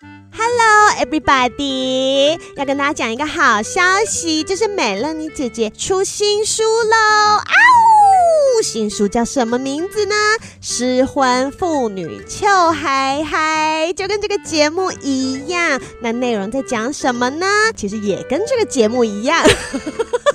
Hello, everybody！要跟大家講一個好消息，就是美樂妮姐姐出新書嘍、啊哦！新書叫什麼名字呢？失婚婦女 Chill High High，就跟這個節目一樣。那內容在講什麼呢？其實也跟這個節目一樣。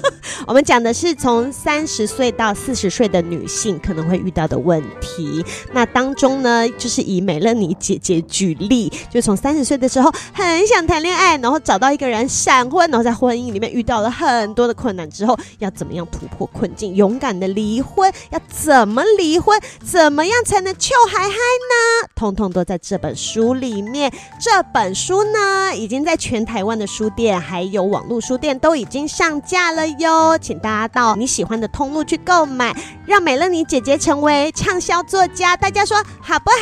我們講的是從三十歲到四十歲的女性可能會遇到的問題，那當中呢，就是以美樂妮姐姐舉例，就從三十歲的時候很想談戀愛，然後找到一個人閃婚，然後在婚姻裡面遇到了很多的困難之後，要怎麼樣突破困境，勇敢的離婚，要怎麼離婚，怎麼樣才能 Chill High High 呢？通通都在這本書裡面。這本書呢，已經在全台灣的書店還有網絡書店都已經上架了喲。請大家到你喜歡的通路去購買，讓美樂妮姐姐成為暢銷作家。大家說好不好？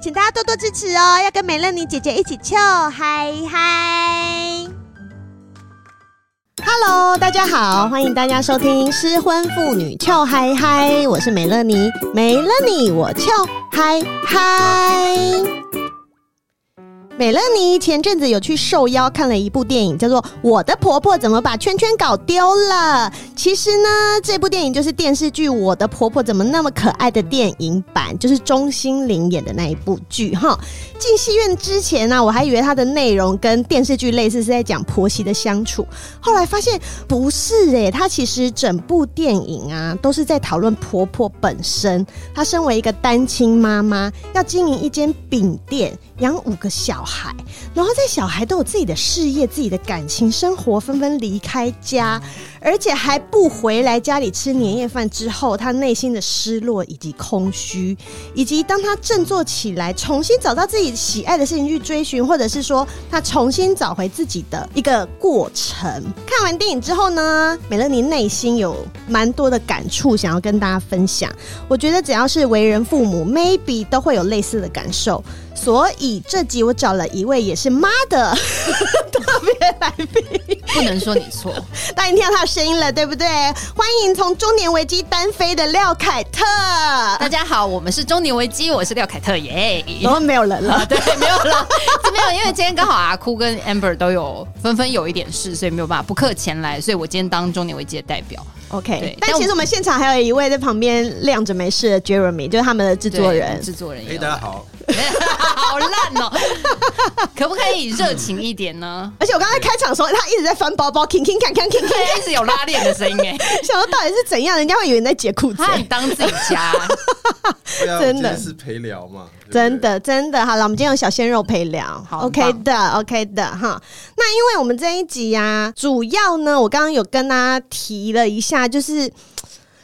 請大家多多支持哦！要跟美樂妮姐姐一起 Chill High High！Hello，大家好，歡迎大家收聽《失婚婦女 Chill High High》，我是美樂妮，沒了你我 Chill High High。美樂妮前陣子有去受邀看了一部電影，叫做《我的婆婆怎麼把圈圈搞丟了》。其實呢，這部電影就是電視劇《我的婆婆怎麼那麼可愛》的電影版，就是鍾欣凌演的那一部劇。哈，進戲院之前呢、啊，我還以為它的內容跟電視劇類似，是在講婆媳的相處。後來發現不是、欸，哎，它其實整部電影啊，都是在討論婆婆本身。她身為一個單親媽媽，要經營一間餅店，養五個小孩。海，然後在小孩都有自己的事業、自己的感情生活，紛紛離開家，而且還不回來家裡吃年夜飯。之後，他內心的失落以及空虛，以及當他振作起來，重新找到自己喜愛的事情去追尋，或者是說他重新找回自己的一個過程。看完電影之後呢，美樂妮內心有蠻多的感觸，想要跟大家分享。我覺得只要是為人父母，maybe 都會有類似的感受。所以這集我找了一位也是媽的 特別來賓，不能說你錯。但你聽到他的聲音了，對不對？歡迎從中年維基單飛的廖凱特。大家好，我們是中年維基，我是廖凱特耶。然、yeah、後、哦、沒有人了，對，沒有了， 沒有，因為今天剛好阿哭跟 Amber 都有紛紛有一點事，所以沒有辦法不客前來，所以我今天當中年維基的代表。OK，但其實我們現場還有一位在旁邊晾著沒事的，Jeremy 就是他們的制作人，制作人。哎、hey,，大家好。 好爛哦！可不可以熱情一點呢？而且我剛才開場的時候，他一直在翻包包，聽聽看，看 聽樂，一直有拉鏈的聲音哎，想說到底是怎樣，人家會以為你在解褲子，你很當自己家，真的，是陪聊嘛真的，對不對？真的，真的，好了，我們今天有小鮮肉陪聊好，OK 好的 OK 的 ,，OK 的，哈。那因為我們這一集呀、啊，主要呢，我剛剛有跟大家提了一下，就是。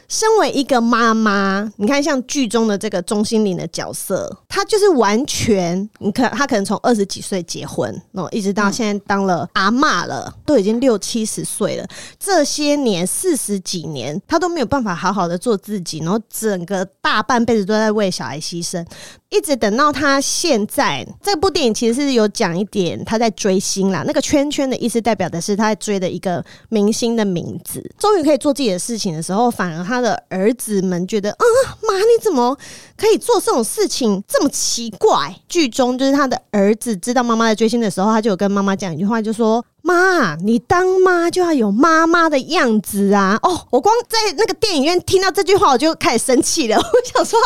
身為一個媽媽，你看像劇中的這個鍾欣凌的角色，她就是完全，你看她可能從二十幾歲結婚哦，一直到現在當了阿嬤了，都已經六七十歲了，這些年四十幾年，她都沒有辦法好好的做自己，然後整個大半輩子都在為小孩犧牲。一直等到他現在，這部電影其實是有講一點他在追星啦。那個圈圈的意思代表的是他在追的一個明星的名字。終於可以做自己的事情的時候，反而他的兒子們覺得，啊媽，你怎麼可以做這種事情？這麼奇怪。劇中就是他的兒子知道媽媽在追星的時候，他就有跟媽媽講一句話，就說。媽，你當媽就要有媽媽的樣子啊！哦，我光在那個電影院聽到這句話，我就開始生氣了。我想說，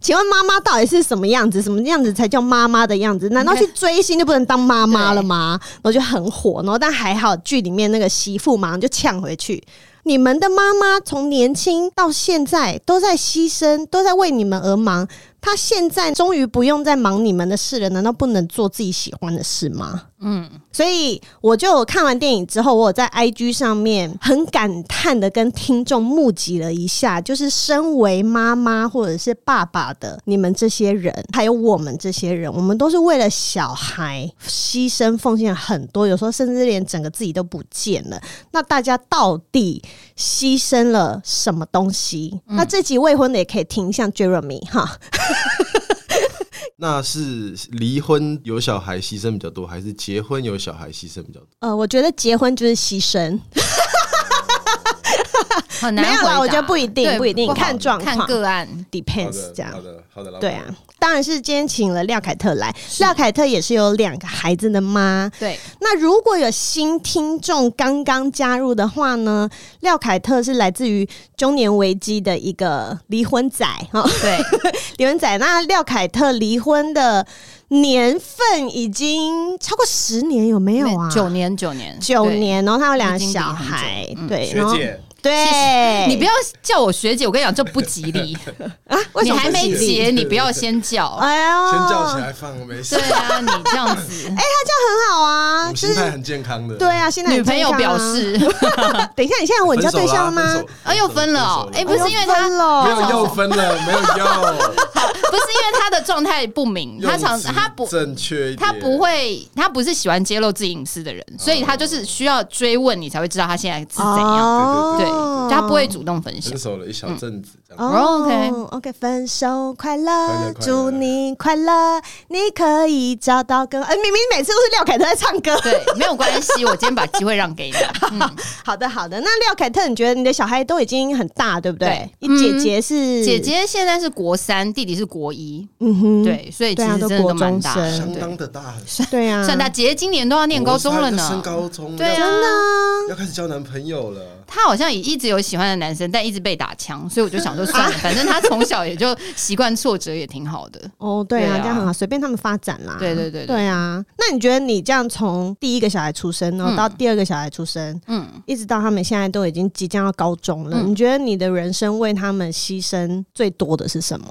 請問媽媽到底是什麼樣子？什麼樣子才叫媽媽的樣子？難道去追星就不能當媽媽了嗎？Okay. 然後就很火，然後但還好劇裡面那個媳婦馬上就嗆回去：“你們的媽媽從年輕到現在都在犧牲，都在為你們而忙。”他現在終於不用再忙你們的事了，難道不能做自己喜歡的事嗎？嗯，所以我就看完電影之後，我有在 IG 上面很感嘆的跟聽眾募集了一下，就是身為媽媽或者是爸爸的你們這些人，還有我們這些人，我們都是為了小孩犧牲奉獻很多，有時候甚至連整個自己都不見了。那大家到底犧牲了什麼東西？嗯、那這集未婚的也可以聽一下 Jeremy 哈。 那是離婚有小孩犧牲比較多，還是結婚有小孩犧牲比較多？呃，我覺得結婚就是犧牲。 哈 哈，沒有啊，我覺得不一定，不一定看狀況，看個案，depends 這樣。好的，好的，好的老，對啊，當然是今天請了廖凱特來，廖凱特也是有兩個孩子的媽。對，那如果有新聽眾剛剛加入的話呢？廖凱特是來自於中年維基的一個離婚仔哈、哦，對，離 婚仔。那廖凱特離婚的年份已經超過十年，有沒有啊？九年，九年，九年，然後他有兩個小孩、嗯，對，然後。對，你不要叫我學姐，我跟你講這不吉利、啊、你還沒結，你不要先叫，哎呀，先叫起來放沒事。對啊，你這樣子，哎、欸，他這樣很好啊，就是、心態很健康的。對啊，現在、啊、女朋友表示，等一下你現在有穩交對象了嗎、啊？啊，又分了哦！哎、欸，不是因為他、哦、沒有又分了，沒有又，不是因為他的狀態不明，他常他不正確，他不會，他不是喜歡揭露自己隱私的人，所以他就是需要追問你才會知道他現在是怎樣。哦、對，對，對。家不會主動分手，分、嗯、手了一小陣子，子哦 OK OK，分手快樂，祝你快樂，你可以找到歌。哎、欸，明明每次都是廖凱特在唱歌，對，沒有關係， 我今天把機會讓給你了、嗯。好的好的，那廖凱特，你覺得你的小孩都已經很大，對不對？你、嗯、姐姐是姐姐，現在是國三，弟弟是國一。嗯哼，對，所以其實、啊、都真的蠻大，相當的大對、啊，對啊。算大，姐姐今年都要念高中了呢，升高中對、啊，對啊，要開始交男朋友了。他好像也一直有喜歡的男生，但一直被打槍，所以我就想說，算了，啊、反正他從小也就習慣挫折，也挺好的。哦，對啊，對啊，這樣很好，隨便他們發展啦。對對，對對對，對啊。那你覺得你這樣從第一個小孩出生、喔，然、嗯、後到第二個小孩出生，嗯，一直到他們現在都已經即將要高中了、嗯，你覺得你的人生為他們犧牲最多的是什麼？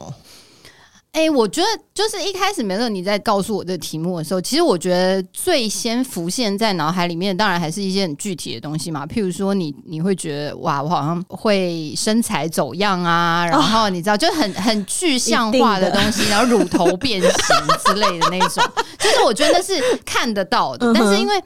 哎、欸，我覺得就是一開始，美樂妮，你在告訴我這題目的時候，其實我覺得最先浮現在腦海裡面，當然還是一些很具體的東西嘛。譬如說你，你你會覺得哇，我好像會身材走樣啊，啊然後你知道，就很很具象化的東西的，然後乳頭變形之類的那種， 就是我覺得那是看得到的，嗯、但是因為。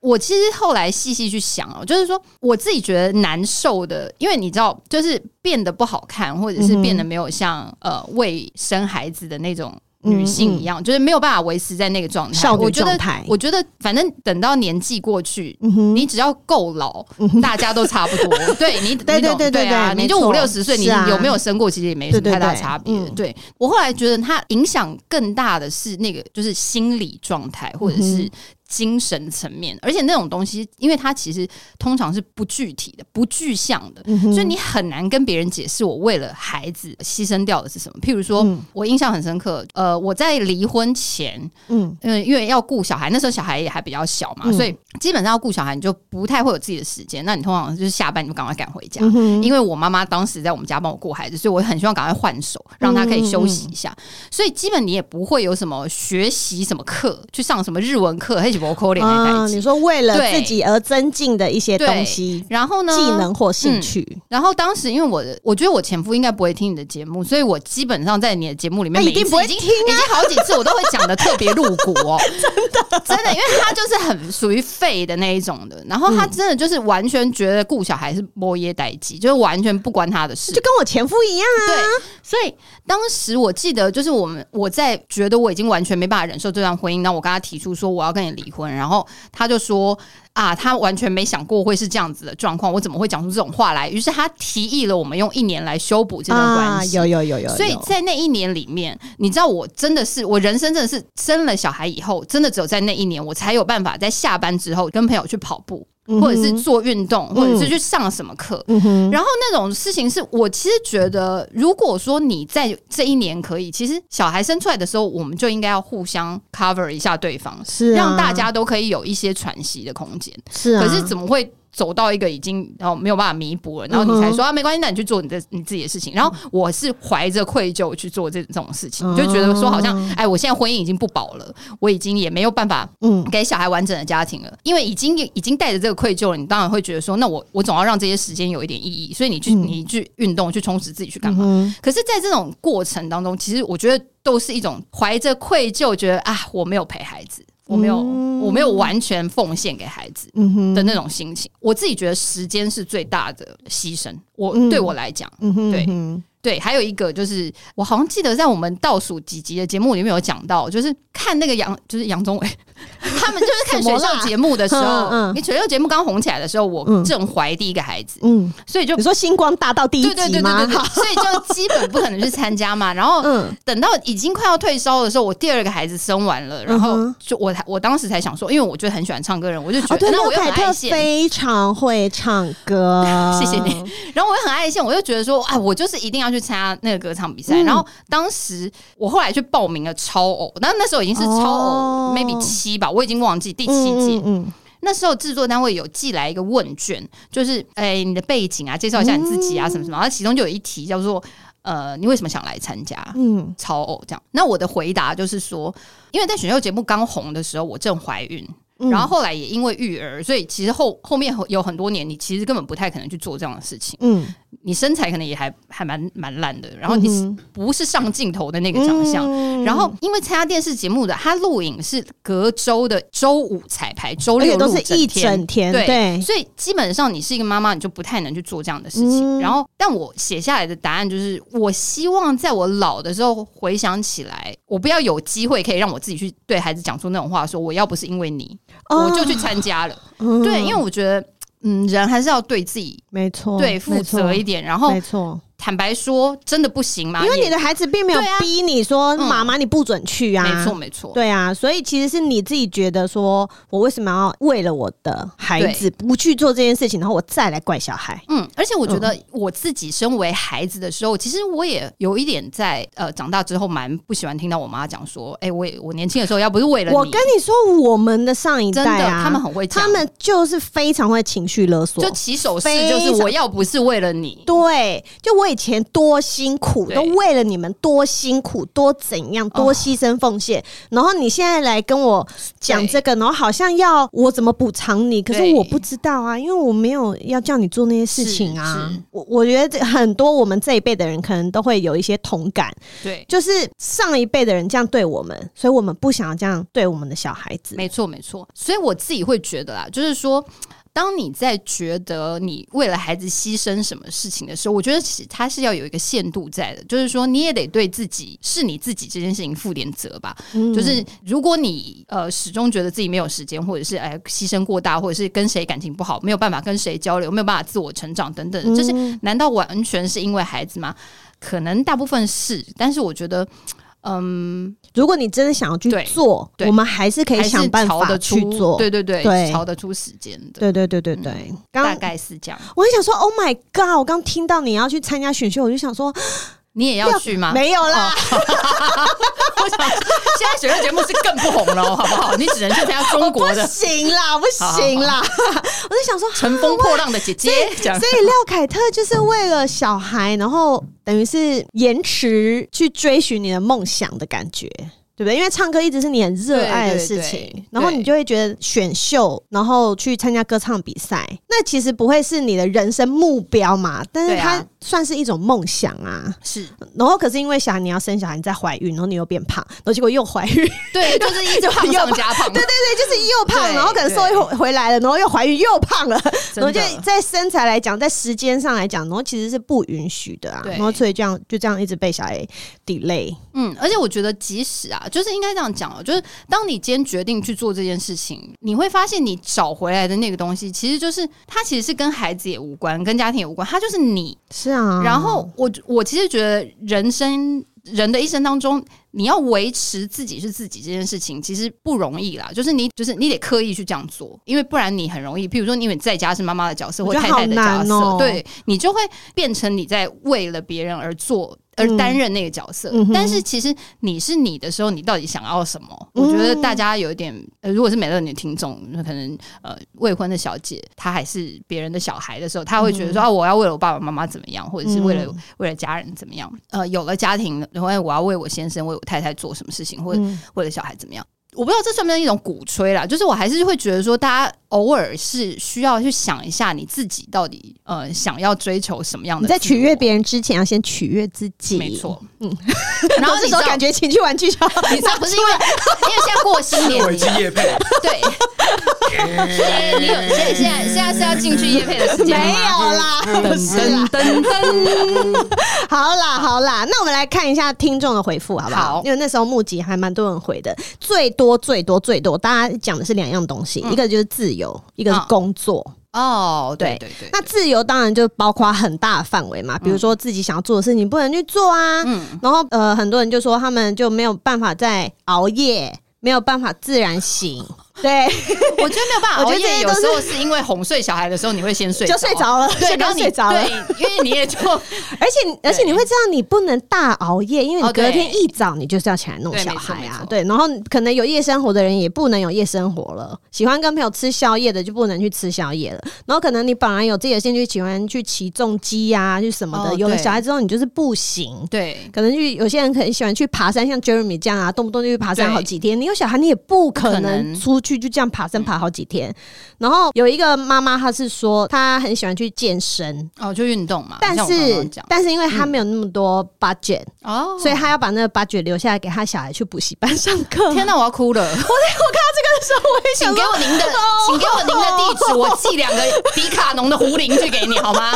我其實後來細細去想，哦，就是說我自己覺得難受的，因為你知道，就是變得不好看，或者是變得沒有像呃未生孩子的那種女性一樣，就是沒有辦法維持在那個狀態。我覺得，我覺得反正等到年紀過去，你只要夠老，大家都差不多。對你，你對，對，對，對，對，你就五六十歲，你有沒有生過，其實也沒什麼太大差別。對我後來覺得，它影響更大的是那個，就是心理狀態，或者是。精神層面，而且那種東西，因為它其實通常是不具體的、不具象的，嗯、所以你很難跟別人解釋我為了孩子犧牲掉的是什麼。譬如說、嗯，我印象很深刻，呃，我在離婚前，嗯，因為要顧小孩，那時候小孩也還比較小嘛，嗯、所以基本上要顧小孩，你就不太會有自己的時間。那你通常就是下班你就趕快趕回家、嗯，因為我媽媽當時在我們家幫我顧孩子，所以我很希望趕快換手，讓她可以休息一下。嗯嗯嗯嗯。所以基本你也不會有什麼學習什麼課，去上什麼日文課，啊、你說為了自己而增進的一些東西，然後呢，技能或興趣。嗯、然後當時因為我我覺得我前夫應該不會聽你的節目，所以我基本上在你的節目裡面每一次、啊、一定不會聽、啊，已經好幾次我都會講得特別露骨， 真的真的，因為他就是很屬於廢的那一種的，然後他真的就是完全覺得顧小孩是摸耶代誌，就是完全不關他的事，就跟我前夫一樣啊。對，所以當時我記得就是我們我在覺得我已經完全沒辦法忍受這段婚姻，那我跟他提出說我要跟你離。離婚，然後他就說啊，他完全沒想過會是這樣子的狀況，我怎麼會講出這種話來？於是他提議了，我們用一年來修補這段關係。啊、有有有有，有，所以在那一年裡面，你知道我真的是，我人生真的是生了小孩以後，真的只有在那一年，我才有辦法在下班之後跟朋友去跑步。或者是做運動，或者是去上什麼課。嗯嗯，然後那種事情是我其實覺得，如果說你在這一年可以，其實小孩生出來的時候，我們就應該要互相 cover 一下對方，是啊，讓大家都可以有一些喘息的空間。是啊，可是怎麼會？走到一個已經然後沒有辦法彌補了，然後你才說啊沒關係，那你去做你的你自己的事情。然後我是懷着愧疚去做這種事情，就覺得說好像哎，我現在婚姻已經不保了，我已經也沒有辦法給小孩完整的家庭了，因為已經已經帶着這個愧疚了，你當然會覺得說那我我總要讓這些時間有一點意義，所以你去你去運動去充實自己去幹嘛？可是在這種過程當中，其實我覺得都是一種懷着愧疚，覺得啊我沒有陪孩子。我沒有、嗯，我沒有完全奉獻給孩子的那種心情。嗯、我自己覺得時間是最大的犧牲。我對我來講，對，嗯哼嗯哼，對，還有一個就是，我好像記得在我們倒數幾集的節目裡面有講到，就是看那個楊，就是楊宗緯。 他們就是看選秀節目的時候，嗯嗯、你選秀節目剛紅起來的時候，我正懷第一個孩子，嗯，所以就你說《星光大道》第一集嘛？對對，對對對對。哈哈哈哈，所以就基本不可能去參加嘛。然後等到已經快要退燒的時候，我第二個孩子生完了，然後就我、嗯、我當時才想說，因為我就很喜歡唱歌的人，我就覺得、啊啊、我又很愛現，非常會唱歌， 謝謝你。然後我又很愛現，我又覺得說，哎、啊，我就是一定要去參加那個歌唱比賽、嗯。然後當時我後來去報名了，超偶，那那時候已經是超偶、哦，maybe 七吧，我已經忘記第七集，嗯嗯嗯。那時候制作單位有寄來一個問卷，就是誒、欸，你的背景啊，介紹一下你自己啊，嗯，什麼什麼。然後其中就有一題叫做呃，你為什麼想來參加？嗯，超偶這樣。那我的回答就是說，因為在選秀節目剛紅的時候，我正懷孕，嗯，然後後來也因為育兒，所以其實後後面有很多年，你其實根本不太可能去做這樣的事情。嗯。你身材可能也還還蠻蠻爛的，然後你不是上鏡頭的那個長相，嗯、然後因為參加電視節目的，他錄影是隔周的周五彩排，周六，都是一整天對，對，所以基本上你是一個媽媽，你就不太能去做這樣的事情。嗯、然後，但我寫下來的答案就是，我希望在我老的時候回想起來，我不要有機會可以讓我自己去對孩子講出那種話說，說我要不是因為你，哦、我就去參加了，嗯。對，因為我覺得。嗯，人還是要對自己沒錯，對負責一點，然後沒錯。坦白說，真的不行嗎？因為你的孩子並沒有逼你說，媽媽、啊、你不准去啊。沒、嗯、錯，沒錯。對啊，所以其實是你自己覺得說，我為什麼要為了我的孩子不去做這件事情，然後我再來怪小孩。嗯，而且我覺得我自己身為孩子的時候，嗯、其實我也有一點在呃，長大之後蠻不喜歡聽到我媽講說，哎、欸，我我年輕的時候要不是為了我跟你說，我們的上一代啊，真的他們很會，他們就是非常會情緒勒索，就起手式就是我要不是為了你，對，就我。為錢多辛苦，都為了你們多辛苦，多怎樣，多犧牲奉獻。Oh. 然後你現在來跟我講這個，然後好像要我怎麼補償你？可是我不知道啊，因為我沒有要叫你做那些事情啊。我我覺得很多我們這一輩的人可能都會有一些同感，對，就是上一輩的人這樣對我們，所以我們不想要這樣對我們的小孩子。沒錯，沒錯。所以我自己會覺得啦，就是說。當你在覺得你為了孩子犧牲什麼事情的時候，我覺得其實他是要有一個限度在的，就是說你也得對自己是你自己這件事情負點責吧、嗯。就是如果你呃始終覺得自己沒有時間，或者是哎、呃、犧牲過大，或者是跟誰感情不好，沒有辦法跟誰交流，沒有辦法自我成長等等、嗯，就是難道完全是因為孩子嗎？可能大部分是，但是我覺得。嗯，如果你真的想要去做對對，我們還是可以想辦法去做。對對對，喬得出時間的。對對對對對，嗯、剛大概是這樣。我就想說，Oh my God！我剛聽到你要去參加選秀，我就想說，你也要去嗎？沒有啦。哦、哈哈哈哈我想現在選秀節目是更不紅了，哦、好不好？ 你只能去參加中國的。不行啦，不行啦！好好好 我就想說，《乘風破浪的姐姐》 所。所以，廖凱特就是為了小孩，然後。等於是延遲去追尋你的夢想的感覺，對不對？因為唱歌一直是你很熱愛的事情，然後你就會覺得選秀，然後去參加歌唱比賽，那其實不會是你的人生目標嘛，但是他。啊算是一種夢想啊，是。然後可是因為小孩你要生小孩，你在懷孕，然後你又變胖，然後結果又懷孕，對，就是一直胖 又加胖，胖，胖，胖，對對對，就是又胖， 然後可能瘦一回回來了，然後又懷孕又胖了。然後在在身材來講，在時間上來講，然後其實是不允許的啊。然後所以這樣就這樣一直被小孩 delay。嗯，而且我覺得即使啊，就是應該這樣講哦，就是當你今天決定去做這件事情，你會發現你找回來的那個東西，其實就是它其實是跟孩子也無關，跟家庭也無關，它就是你。是啊、然後我我其實覺得人生人的一生當中，你要維持自己是自己這件事情，其實不容易啦。就是你就是你得刻意去這樣做，因為不然你很容易，譬如說你因為在家是媽媽的角色或太太的角色，喔、對你就會變成你在為了別人而做。而擔任那個角色、嗯，但是其實你是你的時候，你到底想要什麼、嗯？我覺得大家有一點，呃，如果是美樂妮的聽眾，那可能呃未婚的小姐，她還是別人的小孩的時候，她會覺得說、嗯、啊，我要為了我爸爸媽媽怎麼樣，或者是為了、嗯、為了家人怎麼樣？呃，有了家庭然後，我要為我先生、為我太太做什麼事情，或者、嗯、為了小孩怎麼樣？我不知道這算不算是一種鼓吹啦，就是我還是會覺得說大家，偶爾是需要去想一下你自己到底呃想要追求什麼樣的？你在取悅別人之前，要先取悅自己。沒錯，嗯。然後那時候感覺情趣玩具商，你知道不是因為因為 現在過新年你，準備業配。對，現在現在現在是要進去業配的時間、嗯、沒有啦,、嗯、是啦，噔噔噔， 好啦好啦，那我們來看一下聽眾的回覆好不好,好？因為那時候募集還蠻多人回的，最多最多最多，大家講的是兩樣東西、嗯，一個就是自由有一個是工作哦，對，哦對，對，對，對，對對，那自由當然就包括很大的範圍嘛，比如說自己想要做的事情不能去做啊，嗯、然後呃，很多人就說他們就沒有辦法再熬夜，沒有辦法自然醒。嗯對，我覺得沒有辦法熬夜。我覺得有時候是因為哄睡小孩的時候，你會先睡，就睡着了。睡到你睡着了，因為你也就 而且而且你會知道你不能大熬夜，因為你隔天一早你就是要起來弄小孩啊，對。對，然後可能有夜生活的人也不能有夜生活了，喜歡跟朋友吃宵夜的就不能去吃宵夜了。然後可能你本來有自己的興趣，喜歡去騎重機呀、啊，就什麼的，哦。有了小孩之後，你就是不行。對，可能就有些人很喜歡去爬山，像 Jeremy 這樣啊，動不動就去爬山好幾天。你有小孩，你也不可能出。去就這樣爬山爬好幾天、嗯，然後有一個媽媽，她是說她很喜歡去健身哦，就運動嘛。但是剛剛但是因為她沒有那麼多 budget 哦、嗯，所以她要把那個 budget 留下來給她小孩去補習班上課。天哪，我要哭了！我在，我看所以我想請給我您的，oh, oh, oh. 請給我您的地址，我寄兩個迪卡儂的壺鈴去給你好嗎？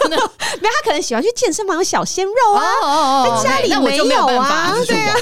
真的， 沒有他可能喜歡去健身房小鮮肉啊，oh, oh, oh, okay, 家裡沒有啊，對呀，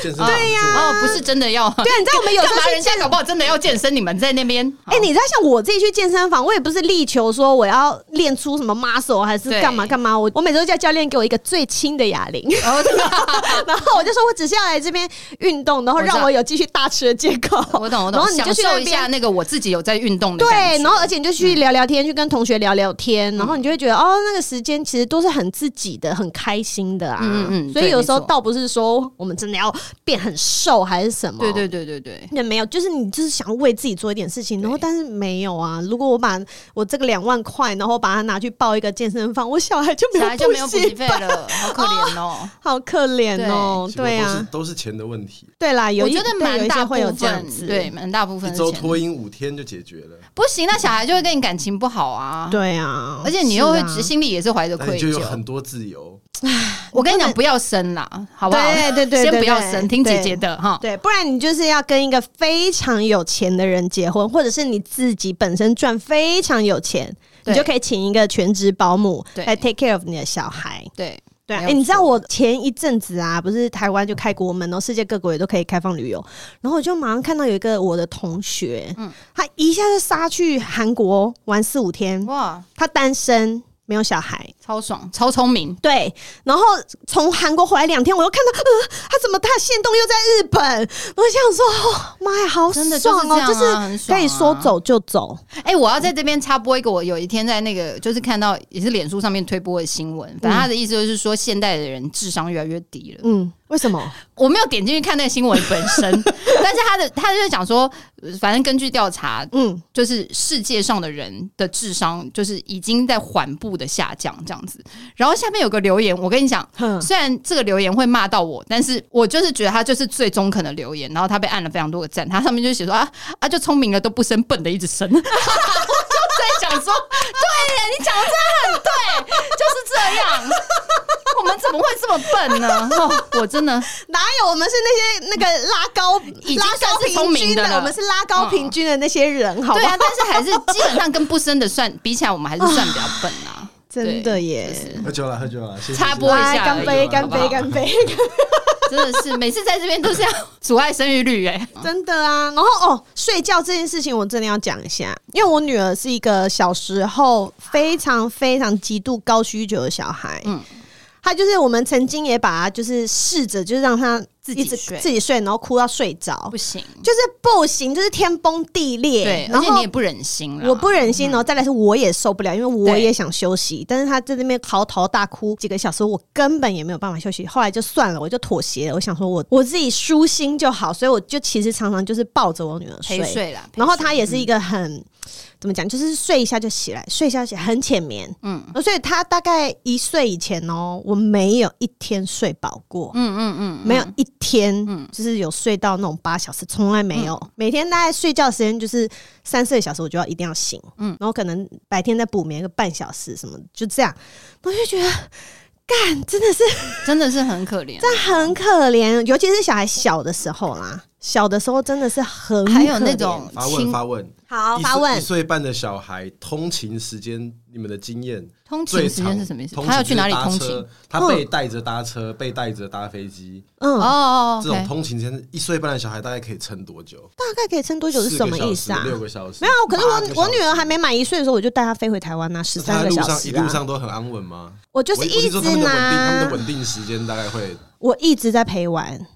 對呀、啊，哦，啊啊 oh, 不是真的要，對啊，你知道我們有這幫人現在搞不好真的要健身，你們在那邊？哎、oh. 欸，你知道像我自己去健身房，我也不是力求說我要練出什麼 muscle 還是幹嘛幹嘛我，我我每周叫教練給我一個最輕的啞鈴，oh, 然後我就說我只是要來這邊運動，然後讓我有繼續大吃的借口。我 然後你就去，你就去享受一下那個我自己有在運動的對，然後而且你就去聊聊天、嗯，去跟同學聊聊天，然後你就會覺得哦，那個時間其實都是很自己的，很開心的啊。嗯嗯。所以有時候倒不是說我們真的要變很瘦還是什麼。對對對對對，對，也沒有，就是你就是想要為自己做一點事情，然後但是沒有啊。如果我把我這個兩萬塊，然後把它拿去報一個健身房，我小孩就沒有就沒有補習費了，好可憐哦，哦，好可憐哦，對，對啊都，都是錢的問題。對啦，我覺得蠻大有一些會有這樣子。對。你們大部分是一周托嬰五天就解決了？不行，那小孩就會跟你感情不好啊。對啊，而且你又會心裡也是懷着愧疚，啊、你就有很多自由。我跟你講，不要生了，好不好？對對，對，對，對，對對，先不要生，對對對，聽姐姐的哈。對，不然你就是要跟一個非常有錢的人結婚，或者是你自己本身賺非常有錢，你就可以請一個全職保姆來 take care of 你的小孩。對。對，誒，你知道我前一陣子啊，不是台灣就開國門咯，世界各國也都可以開放旅游，然後我就馬上看到有一個我的同學，嗯，他一下就殺去韓國玩四五天，哇，他單身。沒有小孩，超爽，超聰明，對。然後從韓國回來兩天，我又看到，呃，他怎麼他限動又在日本？我想說，媽、哦、呀，my, 好爽哦，真的就是可以、啊就是、說走就走。哎、欸，我要在這邊插播一個，我有一天在那個就是看到也是臉書上面推播的新聞，反正他的意思就是說、嗯，現代的人智商越來越低了，嗯。為什麼我沒有點進去看那個新聞本身？ 但是他的他就是講說，反正根據調查，嗯，就是世界上的人的智商就是已經在緩步的下降這樣子。然後下面有個留言，我跟你講、嗯，雖然這個留言會罵到我，但是我就是覺得他就是最中肯的留言。然後他被按了非常多個讚，他上面就寫說啊啊，啊就聰明了都不生笨的一直生。 在講說，對呀，你講的真的很對， 就是這樣。我們怎麼會這麼笨呢？哦、我真的哪有？我們是那些那個拉高，嗯、拉高平均算是的，我們是拉高平均的那些人，嗯，好吧。啊？但是還是基本上跟不生的算 比起來，我們還是算比較笨啊！啊真的耶。就是，喝酒了，喝酒了，謝謝插播一下，乾杯，乾杯，乾杯。 真的是每次在這邊都是要 阻礙生育率欸，真的啊！然後哦，睡覺這件事情我真的要講一下，因為我女兒是一個小時候非常非常極度高需求的小孩，嗯。他就是我們曾經也把他，就是試着就是讓他自己睡自己睡，自己睡，然後哭到睡着不行，就是不行，就是天崩地裂。對，然後你也不忍心，我不忍心，然後再來是我也受不了，因為我也想休息，嗯、但是他在那邊嚎啕大哭幾個小時，我根本也沒有辦法休息。後來就算了，我就妥協了。我想說我我自己舒心就好，所以我就其實常常就是抱着我女兒睡睡了，然後他也是一個很。嗯怎麼講？就是睡一下就起來，睡一下就起來，很淺眠，嗯，所以他大概一歲以前哦、喔，我沒有一天睡飽過，嗯嗯嗯，沒有一天，嗯，就是有睡到那種八小時，從來沒有、嗯。每天大概睡覺時間就是三四個小時，我就要一定要醒，嗯，然後可能白天再補眠個半小時，什麼就這樣。我就覺得，幹，真的是，真的是很可憐，這 很可憐，尤其是小孩小的時候啦。小的時候真的是很，還有那種發問發問，好發問。一歲半的小孩通勤時間，你們的經驗？通勤時間是什麼意思？他要去哪裡通勤？他被帶着搭車，嗯、被帶着搭飛機。嗯哦，哦哦，這種通勤時間、okay，一歲半的小孩大概可以撐多久？大概可以撐多久是什麼意思啊？個六個小時沒有。可是我我女兒還沒滿一歲的時候，我就帶她飛回台灣那、啊、十三個小時、啊。路一路上都很安穩嗎？我就是一直說他們的穩定，他們的穩定時間大概會。我一直在陪玩。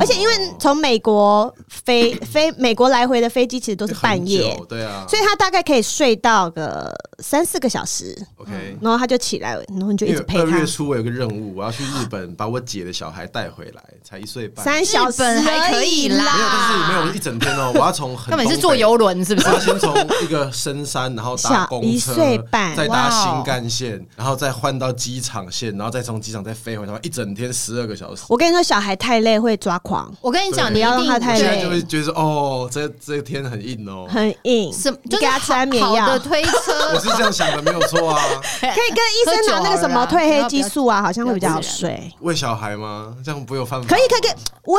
而且因為從美國飛飛美國來回的飛機其實都是半夜，對啊，所以他大概可以睡到個三四個小時。OK，然後他就起來，然後你就一直陪他。二月初我有個任務，我要去日本把我姐的小孩帶回來，才一歲半，三小時還可以啦，日本還可以啦。沒有，但是沒有一整天哦。我要從根本是坐遊輪是不是？我要先從一個深山，然後搭公車，一歲半，再搭新幹線，然後再換到機場線，然後再從機場再飛回來，然後一整天十二個小時。我跟你說，小孩太累會抓狂！我跟你講，你要讓他太累，現在就會覺得哦，這這天很硬哦，很硬，什麼就是給他吃安眠藥。好的推車， 我是這樣想的，沒有錯啊。 可以跟醫生拿、啊、那個什麼褪黑激素啊要要，好像會比較好睡。餵小孩嗎？這樣不會有犯法？可以可以可以，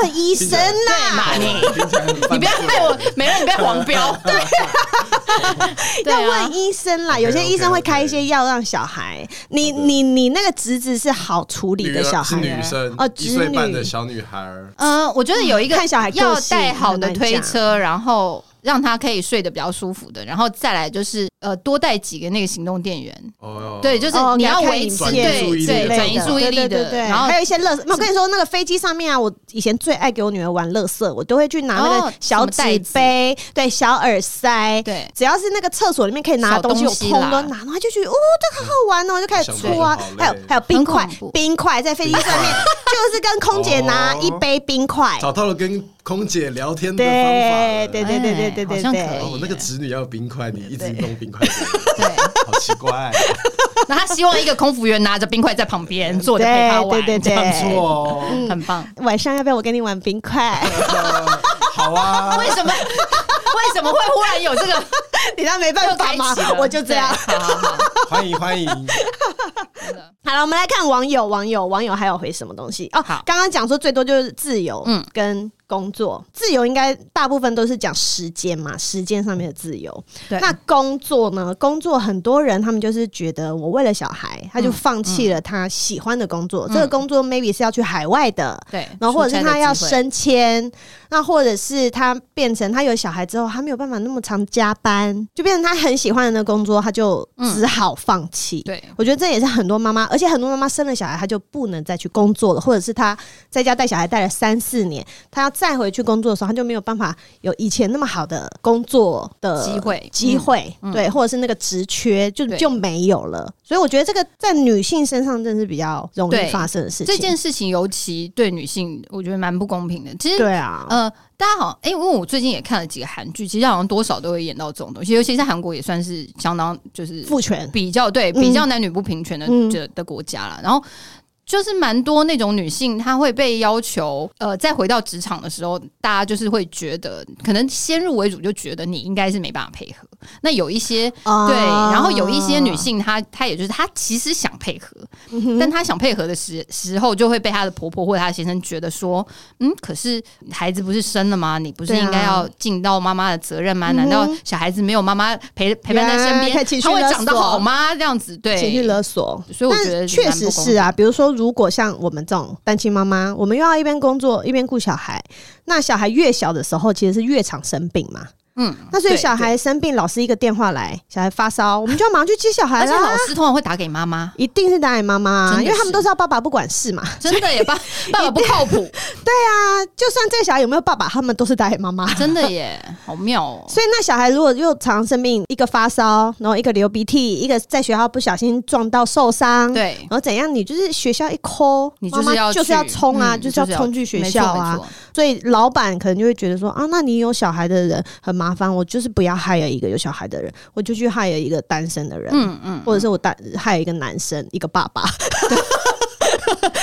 問醫生啦、啊，你 起來 對 你不要害我， 沒了，你不要黃標。 對、啊，要問醫生啦。Okay, 有些醫生會開一些藥讓小孩。Okay, okay, 你、okay、你你,你那個侄子,子是好處理的小孩，女,是女生哦，一歲半的小女孩。嗯、呃，我覺得有一個要帶好的推車，然後讓他可以睡得比較舒服的，然後再來就是。呃，多帶幾個那個行動電源，oh, 對，就是你要轉移注意力、轉移注意力的，對的對對對。然後，對對對然後，還有一些樂色。我跟你說，那個飛機上面啊，我以前最愛給我女兒玩樂色，我都會去拿那個小紙杯，對，小耳塞，對，對只要是那個廁所裡面可以拿的東西，我空都拿，然後就去，哦，這個好好玩哦，就開始搓啊、嗯想想。還有還有冰塊，冰塊在飛機上面就是跟空姐拿一杯冰塊、哦，找到了跟空姐聊天的方法。對對對對，對對對對對對對，好我，欸哦，那個侄女要冰塊，你一直用冰。對 好奇怪，欸。 那他希望一個空服員拿着冰塊在旁邊坐着陪他玩，哦，對對，對，對、 嗯、很棒。晚上要不要我跟你玩冰塊？ 對好啊。 為什麼？為什麼會忽然有這個？ 你那沒辦法嗎？我就這樣。 好好歡迎歡迎。好了， 我們來看網友，網友，網友，還有回什麼東西？哦，剛剛講說最多就是自由，嗯，跟，工作自由應該大部分都是講時間嘛，時間上面的自由。對。那工作呢？工作很多人他們就是覺得我為了小孩，他就放棄了他喜歡的工作，嗯嗯。這個工作 maybe 是要去海外的，對，嗯。然後或者是他要升遷，那或者是他變成他有小孩之後，他沒有辦法那麼常加班，就變成他很喜歡的那工作，他就只好放棄。對，嗯，我覺得這也是很多媽媽，而且很多媽媽生了小孩，她就不能再去工作了，或者是他在家帶小孩帶了三四年，他要。再回去工作的時候，他就沒有辦法有以前那麼好的工作的機會，機會、嗯、嗯、對，或者是那個職缺就就沒有了。所以我覺得這個在女性身上真是比較容易發生的事情。這件事情尤其對女性，我覺得蠻不公平的。其實對啊，呃，大家好哎、欸，因為我最近也看了幾個韓劇，其實好像多少都會演到這種東西，尤其是在韓國也算是相當就是父權比較對比較男女不平權的的國家了、嗯嗯。然後。就是蠻多那種女性，她會被要求，呃，在回到職場的時候，大家就是會覺得，可能先入為主就覺得你應該是沒辦法配合。那有一些對、哦，然後有一些女性她，她她也就是她其實想配合，嗯、但她想配合的時時候，就會被她的婆婆或她的先生覺得說，嗯，可是孩子不是生了嗎？你不是應該要盡到媽媽的責任嗎？啊、難道小孩子沒有媽媽陪、嗯、陪伴在身邊，她會長得好嗎？這樣子，對，情緒勒索。所以我覺得確實是啊，比如說。如果像我們這種單親媽媽，我們又要一邊工作一邊顧小孩，那小孩越小的時候，其實是越常生病嘛。嗯，那所以小孩生病對對，老師一個電話來，小孩發燒，我們就要忙去接小孩了，而且老師通常會打給媽媽，一定是打給媽媽，因為他們都知道爸爸不管事嘛。真的耶，爸爸爸不靠譜。對啊，就算這個小孩有沒有爸爸，他們都是打給媽媽。真的耶，好妙哦、喔。所以那小孩如果又常生病，一個發燒，然後一個流鼻涕，一個在學校不小心撞到受傷，對，然後怎樣？你就是學校一 call，你媽媽就是要衝啊,、嗯、啊，就是要衝去學校啊。所以老板可能就會覺得說啊，那你有小孩的人很麻煩。我就是不要害了一個有小孩的人，我就去害了一個單身的人，嗯嗯，或者是我單害一個男生，一個爸爸，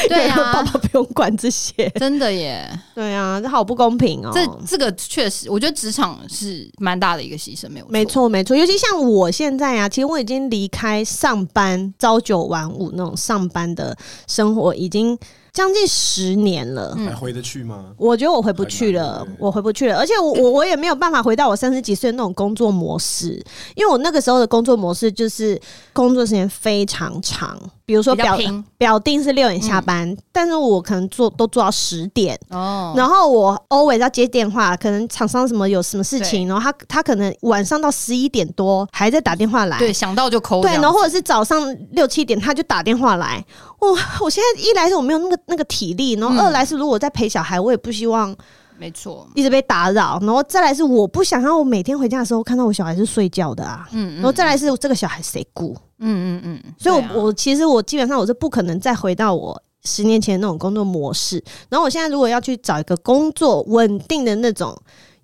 對啊， 對 有沒有爸爸不用管這些，真的耶，對啊，這好不公平哦。這這個確實，我覺得職場是蠻大的一個犧牲，沒有，沒錯沒錯，尤其像我現在啊，其實我已經離開上班朝九晚五那種上班的生活，已經。將近十年了，還回得去嗎？我覺得我回不去了，我回不去了。而且我我我也沒有辦法回到我三十幾歲那種工作模式，嗯，因為我那個時候的工作模式就是工作時間非常長。比如說表表定是六點下班，嗯、但是我可能做都做到十點、哦、然後我 always 要接電話，可能廠商什麼有什麼事情，然後他他可能晚上到十一點多還在打電話來。對，想到就 call。對，然後或者是早上六七點他就打電話來。我、哦、我現在一來是我沒有那個那個體力，然後二來是如果我在陪小孩，我也不希望。沒錯，一直被打擾，然後再來是我不想要我每天回家的時候看到我小孩是睡覺的啊，嗯，嗯，然後再來是這個小孩誰顧？嗯嗯嗯，所以我，我、啊、我其實我基本上我是不可能再回到我十年前那種工作模式，然後我現在如果要去找一個工作穩定的那種，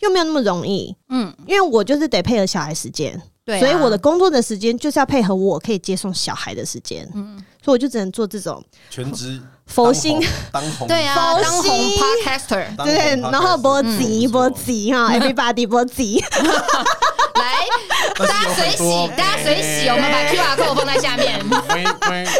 又沒有那麼容易，嗯，因為我就是得配合小孩時間，對、啊，所以我的工作的時間就是要配合我可以接送小孩的時間，嗯，嗯，所以我就只能做這種全職。佛心，對啊，當紅，Podcaster，對，然後波及，波及哈，Everybody，波及， 來，大家隨喜，大家隨喜，欸欸欸，隨喜，欸欸欸，我們把 QR code 放在下面。嗯嗯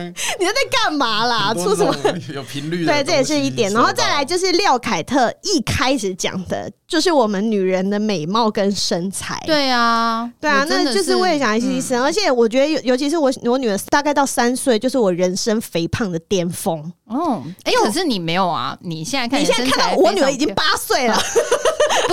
你在幹嘛啦？出什麼有頻率？ 對，這也是一點。然後再來就是廖凱特一開始講的，就是我們女人的美貌跟身材。對啊，對啊，那就是我也想說一聲、嗯。而且我覺得，尤其是我我女兒大概到三歲，就是我人生肥胖的巔峰。哦、嗯，哎、欸，可是你沒有啊？你現在看你，你現在看到我女兒已經八歲了。啊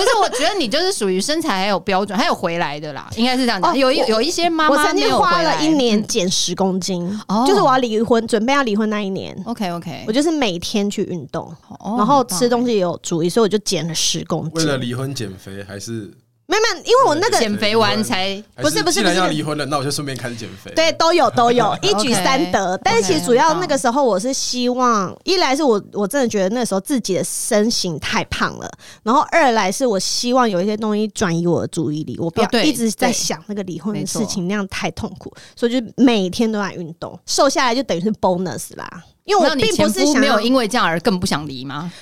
不是，我覺得你就是屬於身材還有標準，還有回來的啦，應該是這樣子、哦。有一有一些媽媽，我曾經花了一年減十公斤、嗯，就是我要離婚、嗯，準備要離婚那一年。OK、哦、OK，我就是每天去運動、哦，然後吃東西也有注意、哦，所以我就減了十公斤。為了離婚減肥還是？慢慢，因為我那個減肥完才不是不是，要離婚了，不是不是，那我就順便開始減肥。對，都有都有， 一舉三得。Okay, 但是其實主要，那個時候，我是希望 okay, 一來是我、哦、我真的覺得那時候自己的身形太胖了，然後二來是我希望有一些東西轉移我的注意力，我不要一直在想那個離婚的事情，那樣太痛苦，所以就每天都在運動，瘦下來就等於是 bonus 啦。因為我並不是想沒有因為這樣而更不想離嗎？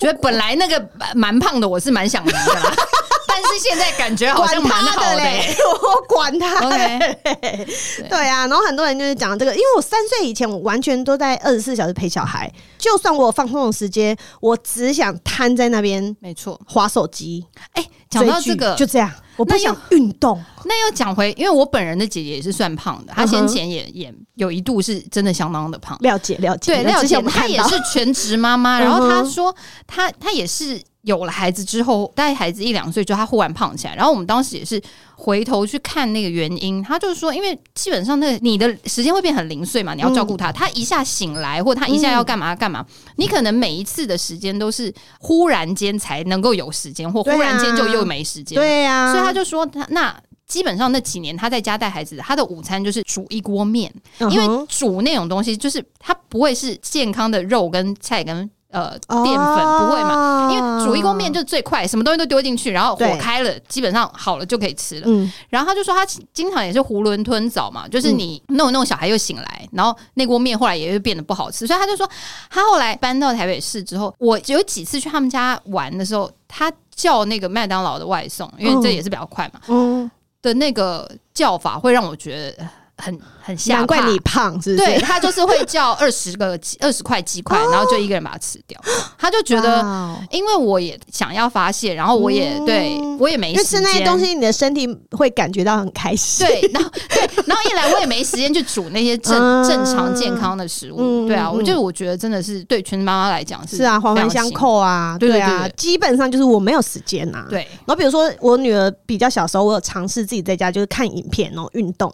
覺得本來那個蠻胖的，我是蠻想離的。 但是現在感覺好像蠻好的嘞、欸， 我管他嘞。 Okay. 對啊，然後很多人就是講這個，因為我三歲以前，我完全都在二十四小時陪小孩，就算我放空的時間，我只想癱在那邊，沒、欸、錯，滑手機。哎，講到這個，就這樣，我不想運動。那又講回，因為我本人的姐姐也是算胖的，她、嗯、先前也也有一度是真的相當的胖。了解，了解。對，那之前她也是全職媽媽，然後她說他，她她也是。有了孩子之後，帶孩子一兩歲之後，就他忽然胖起來。然後我們當時也是回頭去看那個原因，他就是說，因為基本上那你的時間會變很零碎嘛，你要照顧他，他一下醒來，或他一下要幹嘛幹嘛，你可能每一次的時間都是忽然間才能夠有時間，或忽然間就又沒時間。對呀，所以他就說，那基本上那幾年他在家帶孩子，他的午餐就是煮一鍋面，因為煮那種東西就是他不會是健康的肉跟菜跟。呃，澱粉、啊、不會嘛？因為煮一鍋麵就最快，嗯，什麼東西都丟進去，然後火開了，基本上好了就可以吃了。嗯、然後他就說他經常也是囫圇吞棗嘛，就是你弄一弄小孩又醒來，嗯、然後那鍋麵後來也會變得不好吃。所以他就說他後來搬到台北市之後，我有幾次去他們家玩的時候，他叫那個麥當勞的外送，因為這也是比較快嘛，嗯，的那個叫法會讓我覺得很。很嚇，難怪你胖是不是？是對他就是會叫二十個雞，二十塊雞塊，然後就一個人把它吃掉。他就覺得，因為我也想要發泄，然後我也、嗯、對我也沒時間。吃那些東西你的身體會感覺到很開心。對，然後對，然後一來我也沒時間去煮那些正、嗯、正常健康的食物。對啊，我就我覺得真的是對全職媽媽來講是，是啊，環環相扣啊。對啊，對對對對基本上就是我沒有時間啊。對。然後比如說我女兒比較小時候，我有嘗試自己在家就是看影片哦、喔，運動，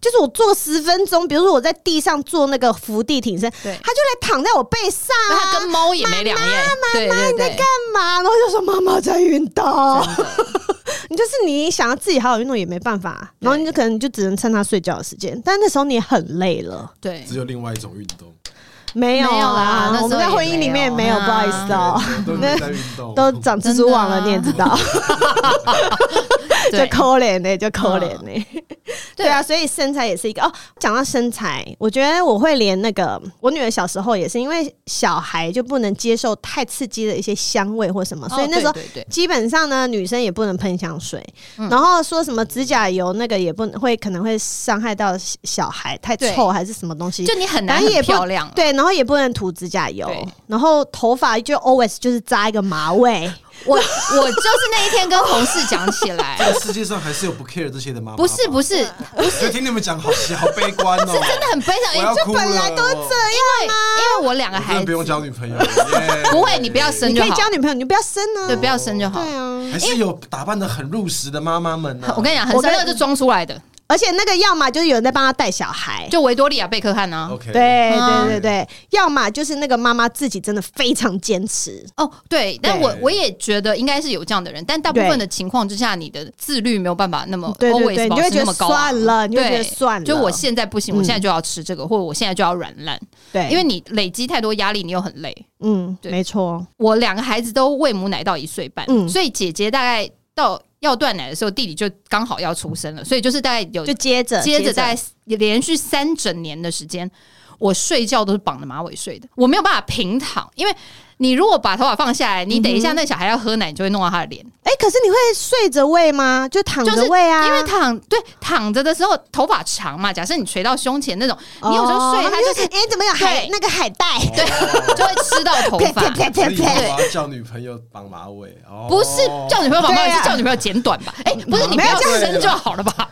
就是我做。十分鐘，比如說我在地上做那個伏地挺身，對，他就來躺在我背上，他跟貓也沒兩樣。媽媽，媽媽，你在幹嘛？然後就說媽媽在運動。 你就是你想要自己好好運動也沒辦法，然後你就可能就只能趁他睡覺的時間，但那時候你也很累了。對、啊，只有另外一種運動。沒有，沒，有沒有啦，我們在婚姻裡面也沒有，不好意思哦、喔。都那都長蜘蛛網了，啊，你也知道。就可憐呢，就可憐呢。對啊，所以身材也是一個哦。講到身材，我覺得我會連那個我女兒小時候也是，因為小孩就不能接受太刺激的一些香味或什麼，所以那時候，哦、對對對對基本上呢，女生也不能噴香水、嗯。然後說什麼指甲油那個也不會，可能會傷害到小孩，太臭還是什麼東西？就你很難，不也漂亮，對。然後也不能塗指甲油，然後頭髮就 always 就是紮一個馬尾。我 我就是那一天跟同事講起來，哦、 這個世界上還是有不 care 這些的媽媽。不是不是我是，聽你們講好，好悲觀哦。是真的很悲傷，哎 這、欸、本來都這樣因，因為我兩個孩子不，不用交女朋友，yeah yeah 不會，你不要生就好，你可以交女朋友，你不要生呢、啊，對，不要生就好。對啊，還是有打扮得很入時的媽媽們呢、啊欸。我跟你講，很真的是裝出來的。而且那個，要麼就是有人在幫他帶小孩，就維多利亞貝克漢呢。OK，對對對對，要麼就是那個媽媽自己真的非常堅持哦。對，對，但我我也覺得應該是有這樣的人，但大部分的情況之下，你的自律沒有辦法那麼 always，對對對對，保持那麼高啊。算了，你就覺得算了，就我現在不行，我現在就要吃這個，或者我現在就要軟爛。對，因為你累積太多壓力，你又很累。嗯，沒錯，我兩個孩子都餵母奶到一歲半，嗯，所以姐姐大概到。要斷奶的時候，弟弟就剛好要出生了，所以就是大概有就接着接着，在連續三整年的時間。我睡覺都是綁着馬尾睡的，我沒有辦法平躺，因為你如果把頭髮放下來，你等一下那小孩要喝奶，你就會弄到他的臉。哎、嗯欸，可是你會睡着餵嗎？就躺着餵啊，就是、因為躺，對，躺着的時候頭髮長嘛，假設你垂到胸前那種、哦，你有時候睡他就是哎，怎麼有海那個海帶、哦？對，就會吃到頭髮。對，叫女朋友綁馬尾哦，不是叫女朋友綁馬尾、啊、馬尾，是叫女朋友剪短吧？哎、欸，不是，你不要生就好了吧？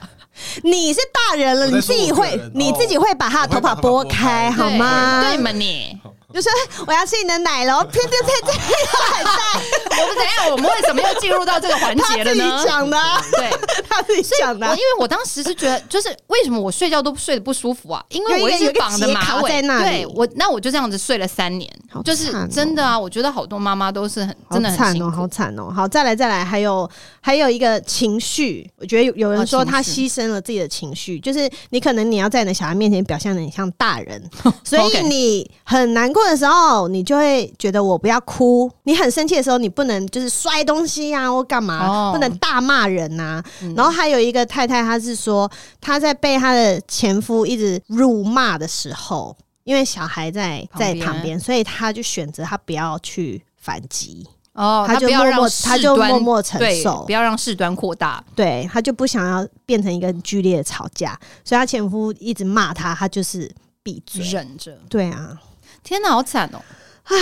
你是大人了人，你自己會、哦，你自己會把他的頭髮撥開，開好嗎？對嘛你，就說我要吃你的奶咯，天天天他天天。 我們等一下， 我們為什麼又進入到這個環節了呢？他自己講的、啊嗯，對，他自己講的、啊，因為我當時是覺得，就是為什麼我睡覺都睡得不舒服啊？因為我一直綁着馬尾，對，我那我就這樣子睡了三年、喔，就是真的啊！我覺得好多媽媽都是很真的很慘哦，好慘哦、喔喔，好，再來再來，還有還有一個情緒，我覺得有人說他犧牲。了自己的情緒，就是你可能你要在你的小孩面前表現得很像大人、 okay，所以你很難過的時候，你就會覺得我不要哭。你很生氣的時候，你不能就是摔東西呀、啊，或幹嘛，oh. 不能大罵人吶、啊嗯。然後還有一個太太，她是說她在被她的前夫一直辱罵的時候，因為小孩在在旁邊，所以她就選擇她不要去反擊。哦、oh，他就默默他，他就默默承受，不要讓事端擴大。對，他就不想要變成一個劇烈的吵架，所以他前夫一直罵他，他就是閉嘴忍着。對啊，天哪，好慘哦、喔！唉，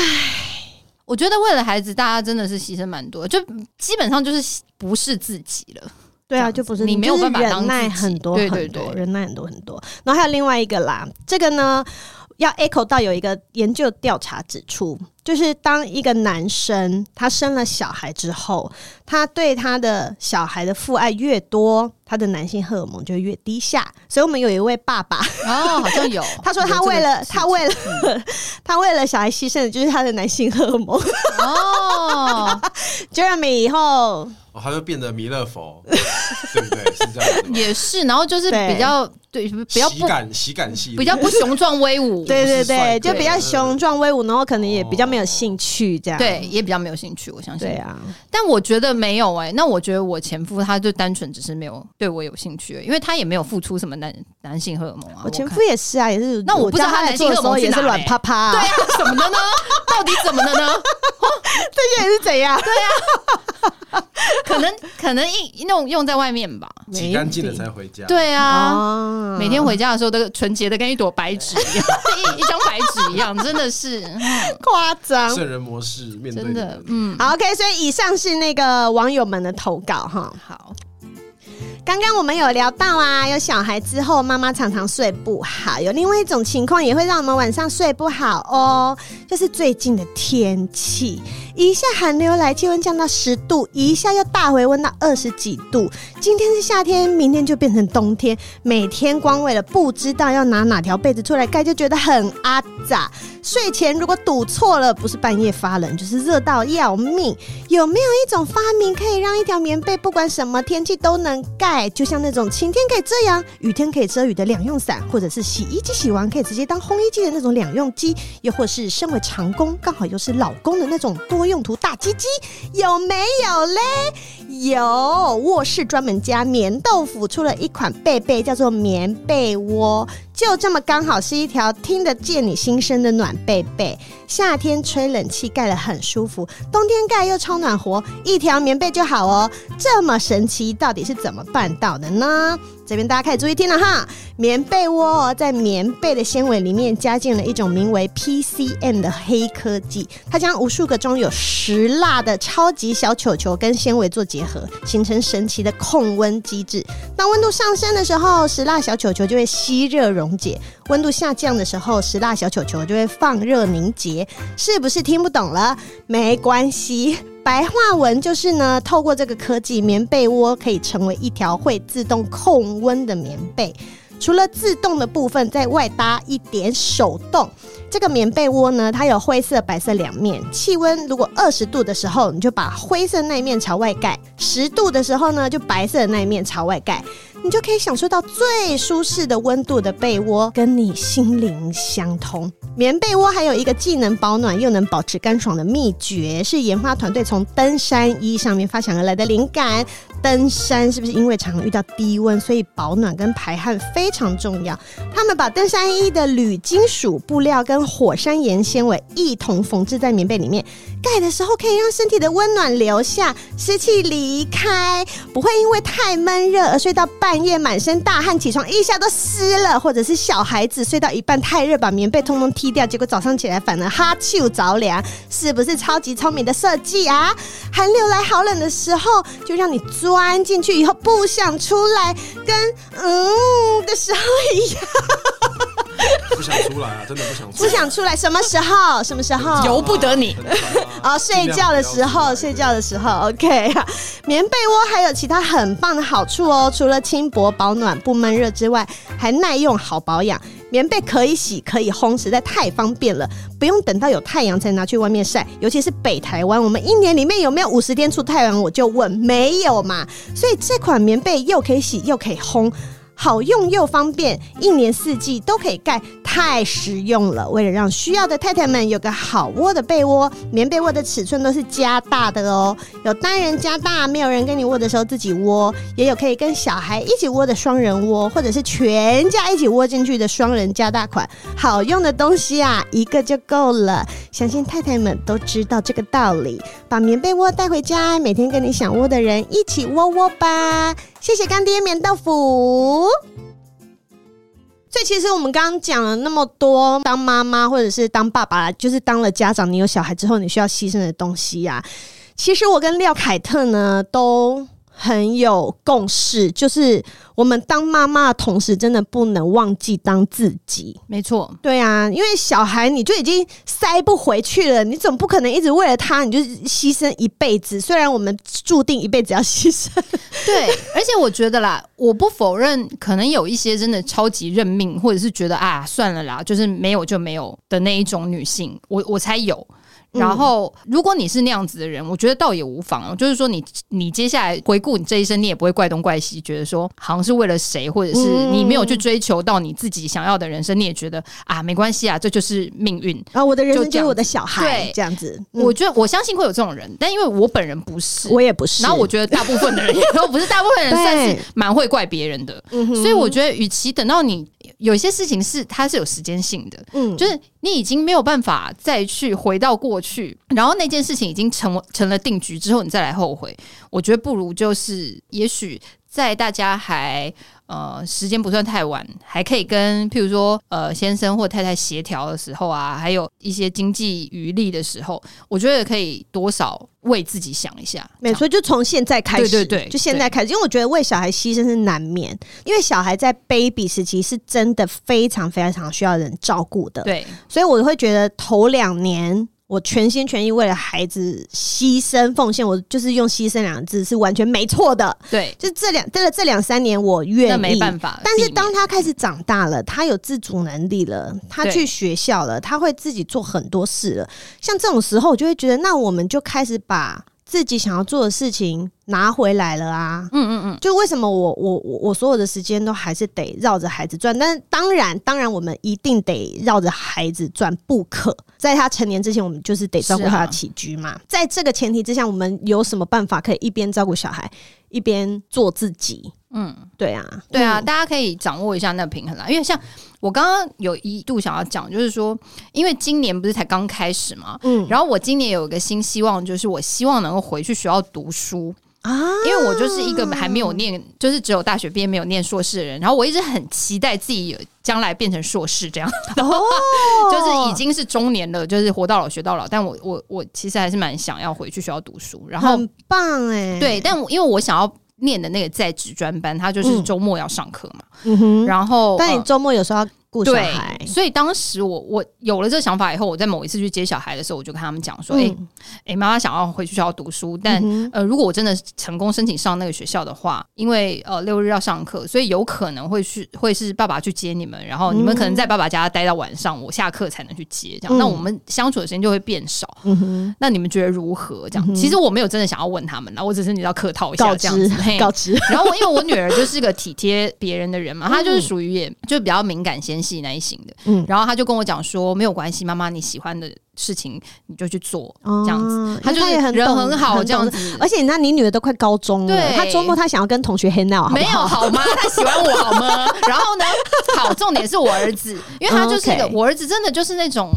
我覺得為了孩子，大家真的是犧牲蠻多，就基本上就是不是自己了。對啊，就不是你沒有辦法、就是、忍耐很多很多對對對，忍耐很多很多。然後還有另外一個啦，這個呢。要 echo 到有一個研究調查指出，就是當一個男生他生了小孩之後，他對他的小孩的父愛越多，他的男性荷爾蒙就越低下。所以，我們有一位爸爸哦，好像有， 他說他為了他為了、嗯、他為了小孩犧牲的就是他的男性荷爾蒙 哦 ，Jeremy 以、哦、後。哦、他就變得彌勒佛， 對不對，對？是這樣的，也是。然後就是比較對，對，對比較不感喜感系，比較不雄壯威武對對對，就是。對對對，就比較雄壯威武，然後可能也比較沒有興趣，這樣，哦、對，也比較沒有興趣。我相信。對啊，但我覺得沒有哎、欸。那我覺得我前夫他就單純只是沒有對我有興趣，欸，因為他也沒有付出什麼男男性荷爾蒙啊。我前夫也是啊，也是、啊。那我不知道他的男性荷爾蒙是也是軟趴趴，啊，對呀、啊？怎麼的呢？ 到底怎麼的呢？這 些 是怎樣，啊？對呀、啊。 可能可能一,一用在外面吧，洗乾淨了才回家。對啊、嗯，每天回家的時候都純潔的跟一朵白紙一樣，一,一張白紙一樣， 真的是、嗯、誇張。聖人模式面對真的，嗯，好，OK。所以以上是那個網友們的投稿哈。好，剛剛我們有聊到啊，有小孩之後媽媽常常睡不好，有另外一種情況也會讓我們晚上睡不好哦，就是最近的天氣。一下寒流來，氣溫降到十度；一下又大回溫到二十幾度。今天是夏天，明天就變成冬天。每天光為了不知道要拿哪條被子出來蓋，就覺得很阿雜。睡前如果賭錯了，不是半夜發冷，就是熱到要命。有沒有一種發明可以讓一條棉被不管什麼天氣都能蓋？就像那種晴天可以遮陽、雨天可以遮雨的兩用傘，或者是洗衣機洗完可以直接當烘衣機的那種兩用機，又或是身為長工剛好又是老公的那種多用途大雞雞有沒有嘞？有，臥室專門家眠豆腐出了一款被被，叫做眠被窩，就這麼剛好是一條聽得見你心聲的暖被被。夏天吹冷氣蓋了很舒服，冬天蓋又超暖和，一條棉被就好哦。這麼神奇，到底是怎麼辦到的呢？這邊大家可以注意聽了哈，棉被窩在棉被的纖維裡面加進了一種名為 PCM 的黑科技，它將無數個裝有石蠟的超級小球球跟纖維做結合，形成神奇的控溫機制。當溫度上升的時候，石蠟小球球就會吸熱溶解。溫度下降的時候，石蠟小球球就會放熱凝結，是不是聽不懂了？沒關係，白話文就是呢，透過這個科技，眠被窩可以成為一條會自動控溫的棉被，除了自動的部分，在外搭一點手動。這個眠被窩呢，它有灰色、白色兩面。氣溫如果二十度的時候，你就把灰色那一面朝外蓋；十度的時候呢，就白色的那一面朝外蓋，你就可以享受到最舒適的溫度的被窩，跟你心靈相通。眠被窩還有一個既能保暖又能保持乾爽的秘訣，是研發團隊從登山衣上面發想而來的靈感。登山是不是因為常常遇到低溫，所以保暖跟排汗非常重要？他們把登山衣的鋁金屬布料跟火山岩纖維一同縫制在棉被裡面，蓋的時候可以讓身體的溫暖留下，濕氣離開，不會因為太悶熱而睡到半夜滿身大汗起床一下都濕了，或者是小孩子睡到一半太熱把棉被通通踢掉，結果早上起來反而哈啾着涼，是不是超級聰明的設計啊？寒流來好冷的時候，就讓你。鑽進去以後不想出來，跟嗯的時候一樣。哈哈哈哈。 不想出來啊，真的不想出來、啊。不想出來，什麼時候？什麼時候？由不得你。啊、 哦。睡覺的時候，睡覺的時候。對對對 OK、啊、眠被窩還有其他很棒的好處哦，除了輕薄、保暖、不悶熱之外，還耐用、好保養。棉被可以洗，可以烘，實在太方便了，不用等到有太陽才拿去外面曬。尤其是北台灣，我們一年裡面有沒有五十天出太陽？我就問，沒有嘛。所以這款棉被又可以洗，又可以烘。好用又方便，一年四季都可以蓋，太實用了。為了讓需要的太太們有個好窩的被窩，眠被窩的尺寸都是加大的哦。有單人加大，沒有人跟你窩的時候自己窩，也有可以跟小孩一起窩的雙人窩，或者是全家一起窩進去的雙人加大款。好用的東西啊，一個就夠了。相信太太們都知道這個道理，把眠被窩帶回家，每天跟你想窩的人一起窩窩吧。謝謝乾爹，眠豆腐。所以其實我們剛剛講了那麼多，當媽媽或者是當爸爸，就是當了家長，你有小孩之後，你需要犧牲的東西呀、啊。其實我跟廖凱特呢，都很有共識，就是我們當媽媽的同時，真的不能忘記當自己。沒錯，對啊，因為小孩你就已經塞不回去了，你總不可能一直為了他你就犧牲一輩子？雖然我們注定一輩子要犧牲。 對， 而且我覺得啦，我不否認，可能有一些真的超級認命，或者是覺得啊算了啦，就是沒有就沒有的那一種女性，我我才有。嗯、然後，如果你是那樣子的人，我覺得倒也無妨了，就是說你，你你接下來回顧你這一生，你也不會怪東怪西，覺得說好像是為了誰，或者是你沒有去追求到你自己想要的人生，你也覺得啊，沒關係啊，這就是命運啊、哦。我的人生就是我的小孩，對這樣子。嗯、我覺得我相信會有這種人，但因為我本人不是，我也不是。然後我覺得大部分的人，我不，不是大部分的人 算是蠻會怪別人的，嗯、所以我覺得，與其等到你。有些事情是，它是有時間性的，嗯，就是你已經沒有辦法再去回到過去，然後那件事情已經成成了定局之後，你再來後悔，我覺得不如就是也許。在大家還呃時間不算太晚，還可以跟譬如說呃先生或太太協調的時候啊，還有一些經濟餘力的時候，我覺得可以多少為自己想一下。沒錯，就從現在開始，對，對對對，就現在開始，因為我覺得為小孩犧牲是難免，因為小孩在 baby 時期是真的非常非常需要人照顧的。對，所以我會覺得頭兩年。我全心全意為了孩子犧牲奉獻，我就是用“犧牲”兩個字是完全沒錯的。對，就這兩，對了，這這兩三年我願意，沒辦法，但是當他開始長大了，他有自主能力了，他去學校了，他會自己做很多事了。像這種時候，我就會覺得，那我們就開始把。自己想要做的事情拿回來了啊！嗯嗯嗯，就為什麼我我我所有的時間都還是得繞着孩子轉？但是當然當然，我們一定得繞着孩子轉不可。在他成年之前，我們就是得照顧他的起居嘛，啊。在這個前提之下，我們有什麼辦法可以一邊照顧小孩？一邊做自己，嗯，對啊，對啊，嗯，大家可以掌握一下那個平衡啦。因為像我剛剛有一度想要講，就是說，因為今年不是才剛開始嘛，嗯，然後我今年有一個新希望，就是我希望能夠回去學校讀書。啊！因為我就是一個還沒有念，就是只有大學畢業沒有念碩士的人，然後我一直很期待自己有將來變成碩士這樣子。哦、 就是已經是中年了，就是活到老學到老。但我我我其實還是蠻想要回去學校讀書，然後很棒哎、欸。對，但因為我想要念的那個在職專班，他就是周末要上課嘛嗯。嗯哼。然後，但你周末有時候要。對，所以當時我我有了這個想法以後，我在某一次去接小孩的時候，我就跟他們講說：“哎、嗯、哎，媽媽想要回去學校讀書，但、嗯、呃，如果我真的成功申請上那個學校的話，因為呃六日要上課，所以有可能會去會是爸爸去接你們，然後你們可能在爸爸家待到晚上，我下課才能去接，這樣、嗯，那我們相處的時間就會變少、嗯哼。那你們覺得如何？這樣、嗯，其實我沒有真的想要問他們那我只是你知道客套一下這樣子，告知。告知嘿告知然後我因為我女兒就是個體貼別人的人嘛，她、嗯、就是屬於也就比較敏感纖細。喜男性的，然後他就跟我講說：“沒有關係，媽媽你喜歡的事情你就去做，這樣子。啊，他”他就是人很好，這樣子。而且那你女兒都快高中了對，他周末他想要跟同學 hang out，沒有好嗎？他喜歡我好嗎？ 然後呢？好，重點是我兒子，因為他就是一個，okay. 我兒子真的就是那種，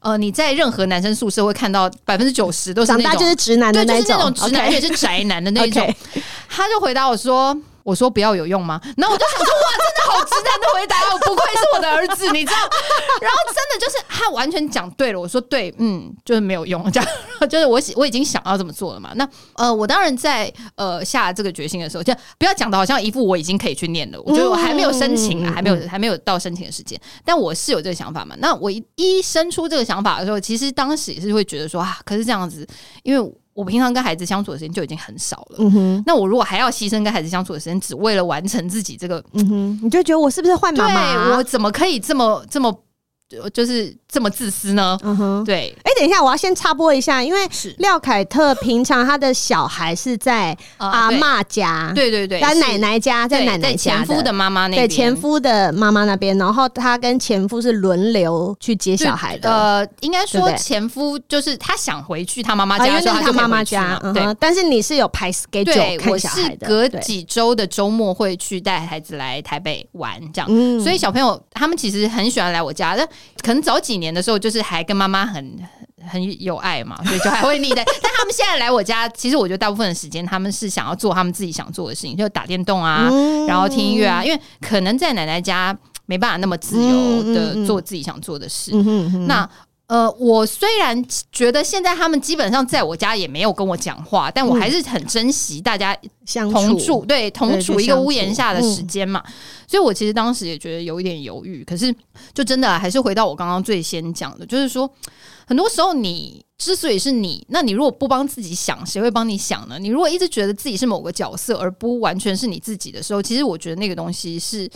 呃，你在任何男生宿舍會看到百分之九十都是那種，長大就是直男的那種對，就是那種直男、okay. 也是宅男的那種。Okay. 他就回答我說。我說不要有用嗎？然後我就想說，哇，真的好直男的回答， 我不愧是我的兒子，你知道？ 然後真的就是他完全講對了。我說對，嗯，就是沒有用，這樣就是我我已經想要這麼做了嘛。那呃，我當然在呃下這個決心的時候，就不要講的好像一副我已經可以去念了，我覺得我還沒有申請啊，嗯、還沒有還沒有到申請的時間。但我是有這個想法嘛？那我一一生出這個想法的時候，其實當時也是會覺得說啊，可是這樣子，因為。我平常跟孩子相處的時間就已經很少了，嗯哼，那我如果還要犧牲跟孩子相處的時間，只為了完成自己這個，嗯哼，嗯哼，你就覺得我是不是壞媽媽？我怎麼可以這麼這麼？就是這麼自私呢？嗯哼，對。哎、欸，等一下，我要先插播一下，因為廖凱特平常他的小孩是在阿嬤家，呃對，對對對，在奶奶家，在奶奶前夫的媽媽那邊，對前夫的媽媽那邊。然後他跟前夫是輪流去接小孩的。呃，應該說前夫就是他想回去他媽媽家，啊，因為他是他媽媽家，嗯。對，但是你是有排 schedule 看小孩的，我是隔幾周的周末會去帶孩子來台北玩，這樣。所以小朋友他們其實很喜歡來我家，可能早幾年的時候，就是還跟媽媽很很有愛嘛，所以就還會膩的。 但他們現在來我家，其實我覺得大部分的時間，他們是想要做他們自己想做的事情，就打電動啊，然後聽音樂啊、嗯。因為可能在奶奶家沒辦法那麼自由的做自己想做的事，嗯嗯嗯嗯、哼哼那。呃，我雖然覺得現在他們基本上在我家也沒有跟我講話、嗯，但我還是很珍惜大家同住，相處，對同處一個屋檐下的時間嘛、嗯。所以，我其實當時也覺得有一點猶豫。可是，就真的還是回到我剛剛最先講的，就是說，很多時候你之所以是你，那你如果不幫自己想，誰會幫你想呢？你如果一直覺得自己是某個角色，而不完全是你自己的時候，其實我覺得那個東西是。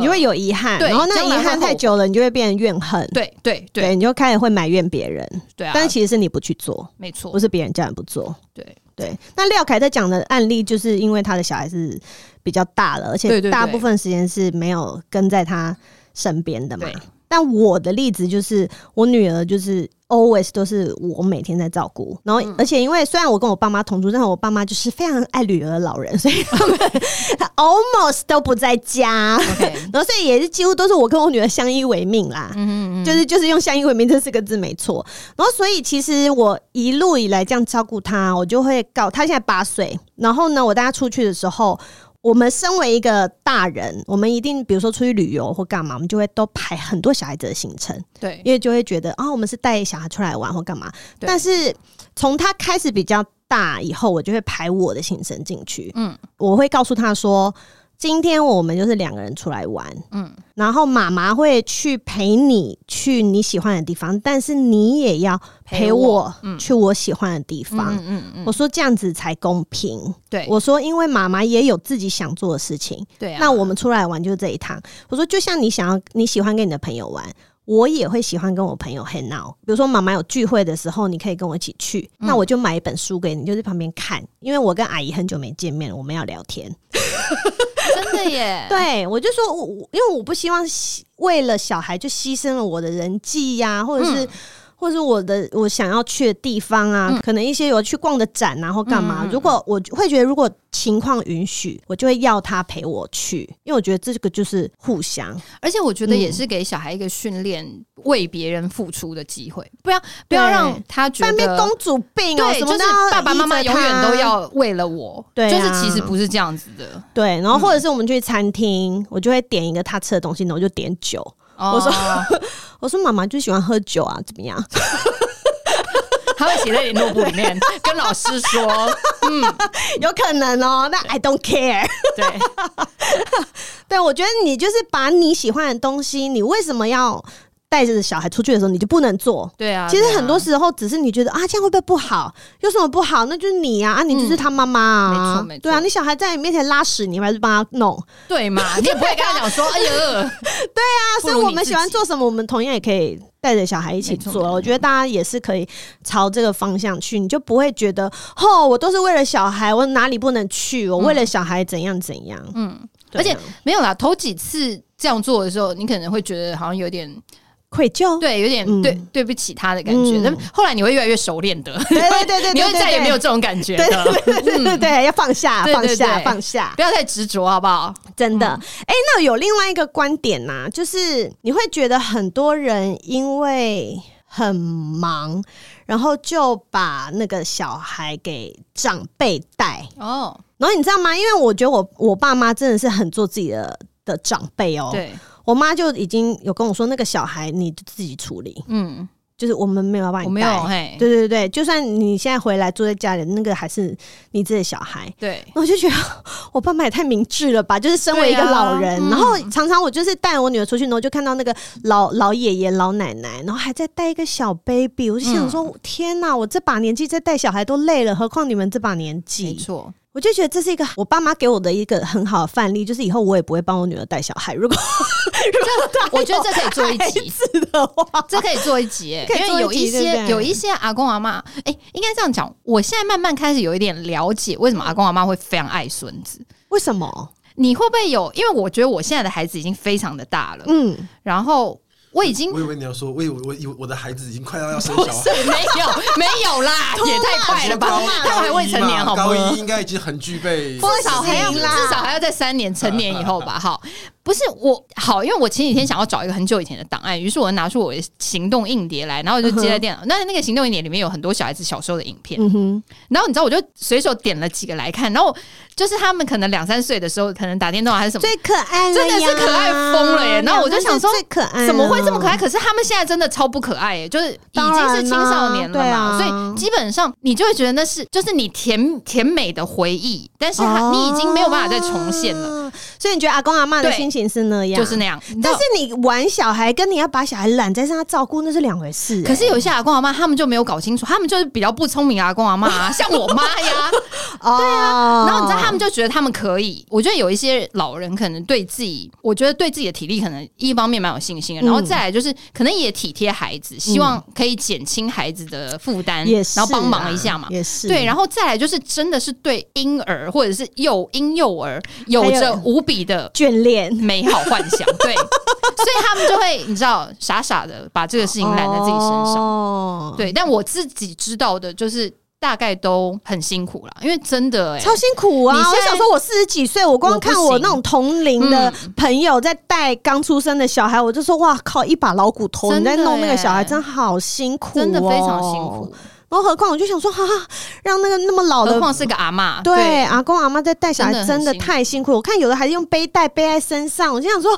你就會有遺憾，然後那遺憾太久了，你就會變成怨恨。對對對，對，你就開始會埋怨別人。對啊，但是其實是你不去做，沒錯，不是別人叫你不做。對對，對，那廖凱特講的案例，就是因為他的小孩是比較大了，而且大部分時間是沒有跟在他身邊的嘛。對對對，但我的例子就是，我女兒就是。Always 都是我每天在照顧，然後、嗯、而且因為雖然我跟我爸媽同住，但是我爸媽就是非常愛旅遊的老人，所以他們、Okay. 他 almost 都不在家，Okay. 然後所以也是幾乎都是我跟我女兒相依為命啦，嗯哼嗯，就是就是用相依為命這四個字沒錯，然後所以其實我一路以來這樣照顧她，我就會告她現在八歲，然後呢，我帶她出去的時候。我們身為一個大人，我們一定比如說出去旅遊或幹嘛，我們就會都排很多小孩子的行程，對，因為就會覺得啊、哦，我們是帶小孩出來玩或幹嘛，對。但是從他開始比較大以後，我就會排我的行程進去，嗯，我會告訴他說。今天我們就是兩個人出來玩，嗯，然後媽媽會去陪你去你喜歡的地方，但是你也要陪我去我喜歡的地方，嗯嗯，我說這樣子才公平，對，我說因為媽媽也有自己想做的事情，對、啊，那我們出來玩就是這一趟，我說就像你想要你喜歡跟你的朋友玩，我也會喜歡跟我朋友很鬧，比如說媽媽有聚會的時候，你可以跟我一起去，嗯、那我就買一本書給你，就在、是、旁邊看，因為我跟阿姨很久沒見面了，我們要聊天。 真的耶！ 對，我就說，我我因為我不希望為了小孩就犧牲了我的人際呀、啊，或者是，嗯或者我的我想要去的地方啊、嗯，可能一些有去逛的展、啊，然後幹嘛、嗯？如果我會覺得，如果情況允許，我就會要他陪我去，因為我覺得這個就是互相，而且我覺得也是給小孩一個訓練為別人付出的機會，不要、嗯、不要讓他覺得半公主病、喔對，就是爸爸媽媽永遠都要為了我對、啊，就是其實不是這樣子的。對，然後或者是我們去餐廳、嗯，我就會點一個他吃的東西，那我就點酒。Oh. 我說，我說媽媽就喜歡喝酒啊，怎麼樣？ 他會寫在聯絡簿裡面 跟老師說， 嗯，有可能哦、喔。那 I don't care 對。對， 對我覺得你就是把你喜歡的東西，你為什麼要？帶着小孩出去的時候，你就不能做。對啊，其實很多時候只是你覺得啊，啊，這樣會不會不好？有什麼不好？那就是你啊，嗯、啊，你就是他媽媽、啊。沒錯，沒錯。對啊，你小孩在你面前拉屎，你還是幫他弄，對嘛？你 也不會跟他講說：“ 哎呦、呃。”對啊，所以我們喜歡做什麼，我們同樣也可以帶着小孩一起做。我覺得大家也是可以朝這個方向去，你就不會覺得哦，我都是為了小孩，我哪裡不能去？我為了小孩怎樣怎樣，怎樣？嗯，啊、而且沒有啦，頭幾次這樣做的時候，你可能會覺得好像有點。愧疚，對，有點對、嗯、對不起他的感覺。那麼、嗯、後來你會越來越熟練的，嗯、 對，對，對，對，對對對，你會再也沒有這種感覺的。對對對，對，對，對，對，對、嗯，要放下，放下對對對對，放下，放下，不要太執着，好不好？真的。哎、嗯欸，那有另外一個觀點吶、啊，就是你會覺得很多人因為很忙，然後就把那個小孩給長輩帶哦。然後你知道嗎？因為我覺得我我爸媽真的是很做自己的的長輩哦。對。我媽就已經有跟我說，那個小孩你自己處理。嗯，就是我們沒有辦法，我沒有。對對對，就算你現在回來住在家裡，那個還是你自己的小孩。對，我就覺得我爸媽也太明智了吧？就是身為一個老人，啊嗯、然後常常我就是帶我女兒出去，然後就看到那個老老爺爺、老奶奶，然後還在帶一個小 baby。我就想說，嗯、天吶，我這把年紀在帶小孩都累了，何況你們這把年紀？沒錯。我就覺得這是一個我爸媽給我的一個很好的範例，就是以後我也不會幫我女兒帶小孩。如果如果，我覺得這可以做一集的話，這可以，可以做一集，因為有一些有一些阿公阿媽，哎、欸，應該這樣講，我現在慢慢開始有一點了解，為什麼阿公阿媽會非常愛孫子？為什麼？你會不會有？因為我覺得我現在的孩子已經非常的大了，嗯，然後。我已經，我以為你要說，我以為我以為我的孩子已經快要要生小孩了，不是沒有沒有啦， 也太快了吧？他還未成年，好不好？高一應該已經很具備，具備不不，至少還要至少還要再三年成年以後吧？啊啊啊啊好。不是我好，因為我前幾，幾天想要找一個很久以前的檔案，於是我就拿出我的行動硬碟來，然後我就接了電腦，嗯。那那個行動硬碟裡面有很多小孩子小時候的影片，嗯、哼，然後你知道，我就隨手點了幾個來看，然後就是他們可能兩三歲的時候，可能打電動還是什麼，最可愛，真的是可愛瘋了耶！然後我就想說，怎麼會這麼可愛？可是他們現在真的超不可愛耶，就是已經是青少年了嘛，啊對啊，所以基本上你就會覺得那是就是你甜甜美的回憶，但是你已經沒有辦法再重現了。哦所以你覺得阿公阿媽的心情是那樣，就是那樣。但是你玩小孩跟你要把小孩攬在身上照顧，照顧那是兩回事、欸。可是有些阿公阿媽他們就沒有搞清楚，他們就是比較不聰明。阿公阿媽、啊、 像我媽媽呀， 對啊、哦。然後你知道他們就覺得他們可以。我覺得有一些老人可能對自己，我覺得對自己的體力可能一方面蠻有信心的，然後再來就是可能也體貼孩子，希望可以減輕孩子的負擔、嗯，然後幫忙一下嘛、也是啊。對，然後再來就是真的是對嬰兒或者是幼嬰幼兒有着。無比的眷戀美好幻想，對， 所以他們就會你知道傻傻的把這個事情攬在自己身上、哦，對。但我自己知道的就是大概都很辛苦了，因為真的、欸、超辛苦啊！你我想說，我四十幾歲，我光看我那種同齡的朋友在帶剛出生的小孩，我、嗯、我就說哇靠，一把老骨頭，你在弄那個小孩，真的、欸、真的好辛苦、哦，真的非常辛苦。然後，何況我就想說，哈，哈，讓那個那麼老的，何況是個阿嬤，對，阿公阿嬤在帶小孩真的太辛苦。我看有的還是用背帶背在身上，我就想說。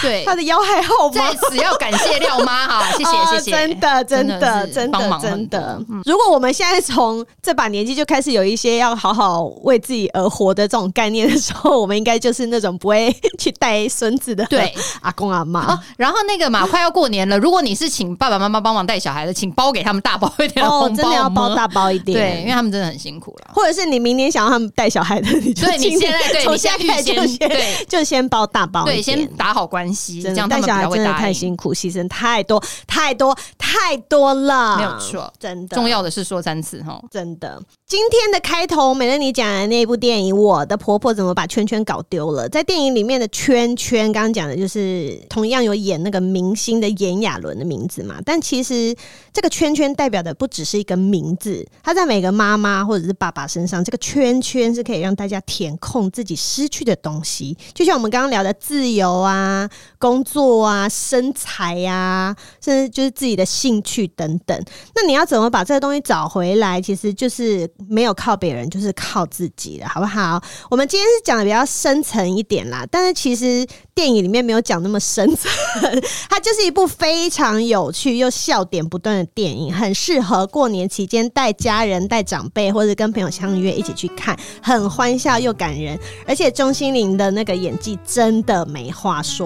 對，他的腰還好嗎？在此要感謝廖媽哈、啊，謝謝、啊、謝謝，真的真的真的真的、嗯。如果我們現在從這把年紀就開始有一些要好好為自己而活的這種概念的時候，我們應該就是那種不會去帶孫子的、那個、對，阿公阿嬤、啊。然後那個嘛，快要過年了，如果你是請爸爸媽媽幫忙帶小孩的，請包給他們大包一點、哦、紅包真的要包大包一點，對，因為他們真的很辛苦了、啊。或者是你明年想要他們帶小孩的，你就你你現在從現在開始就先對，就先包大包，對，先打好。關係，真的。帶小孩真的太辛苦，犧牲太多，太多，太多了，沒有錯。真的，重要的是說三次哈、哦。真的，今天的開頭，美樂你講的那一部電影《我的婆婆怎麼把圈圈搞丟了》，在電影裡面的圈圈，剛剛講的就是同樣有演那個明星的炎亞綸的名字嘛？但其實這個圈圈代表的不只是一個名字，它在每個媽媽或者是爸爸身上，這個圈圈是可以讓大家填空自己失去的東西，就像我們剛剛聊的自由啊。工作啊，身材呀，啊，甚至就是自己的興趣等等。那你要怎麼把這個東西找回來？其實就是沒有靠別人，就是靠自己的，好不好？我們今天是講的比較深層一點啦，但是其實電影裡面沒有講那麼深層，呵呵，它就是一部非常有趣又笑點不斷的電影，很適合過年期間帶家人，帶長輩或者跟朋友相約一起去看，很歡笑又感人，而且鍾欣凌的那個演技真的沒話說。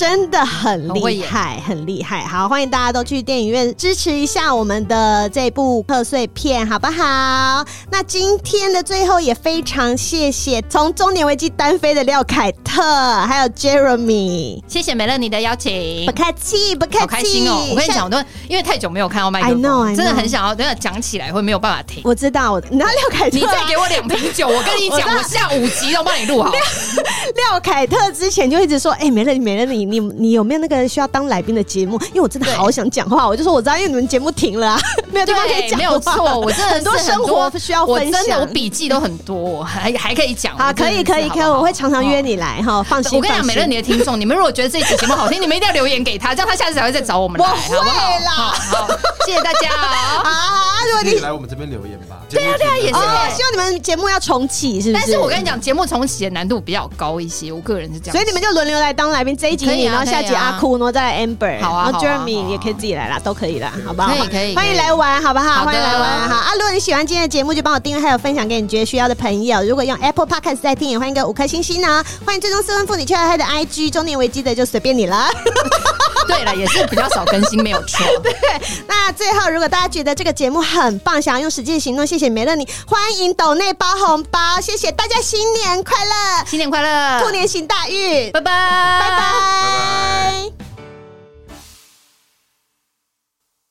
真的很厲害，很厲害！好，歡迎大家都去電影院支持一下我們的這部賀歲片，好不好？那今天的最後也非常謝謝從《中年維基》單飛的廖凱特，還有 Jeremy，謝謝美樂妮的邀請，不客氣，不客氣，好開心哦！我跟你講，我都因為太久沒有看到麥克風 I know, I know. 真的很想要，等下講起來會沒有辦法停。我知道，然後廖凱特、啊？你再給我兩瓶酒，我跟你講，我，我下五集都幫你錄好廖。廖凱特之前就一直說：“哎、欸，美樂妮美樂妮。”你你有沒有那個需要當來賓的節目？因為我真的好想講話，我就說我知道，因為你們節目停了啊，沒有地方可以講。沒有錯，我真的很多，很多生活需要分享，我真的，我筆記都很多，還還可以講。好，可以可以可以好好，我會常常約你來哈、哦，放心。我跟你講，每了你的聽眾， 你們如果覺得這一集節目好聽， 你們一定要留言給他，這樣他下次才會再找我們來，我會啦好不好， 好？好，謝謝大家啊、哦！啊，如果你，你來我們這邊留言吧。對啊，對啊，也是。哦，希望你們節目要重啟，是不是？但是我跟你講，節目重啟的難度比較高一些。我個人是這樣，所以你們就輪流來當來賓。這一集你可以、啊可以啊，然後下集阿酷然後再來 Amber，好啊 Jeremy 也可以自己來啦、啊啊啊，都可以啦，好不好？歡迎來玩，好不好？好歡迎來玩，哈。啊！如果你喜歡今天的節目，就幫我訂閱，還有分享給你覺得需要的朋友。如果用 Apple Podcast 在聽，也歡迎給五顆星星呢。歡迎最終失婚婦女 Chill High High 的 IG，中年維基的就隨便你了。 對了，也是比較少更新，沒有錯。 對，那最後，如果大家覺得這個節目很棒，想要用實際行動謝。謝謝梅樂妮，歡迎抖內包紅包。謝謝大家新，新年快樂，新年快樂，兔年行大運，拜拜，拜拜，拜拜，拜拜。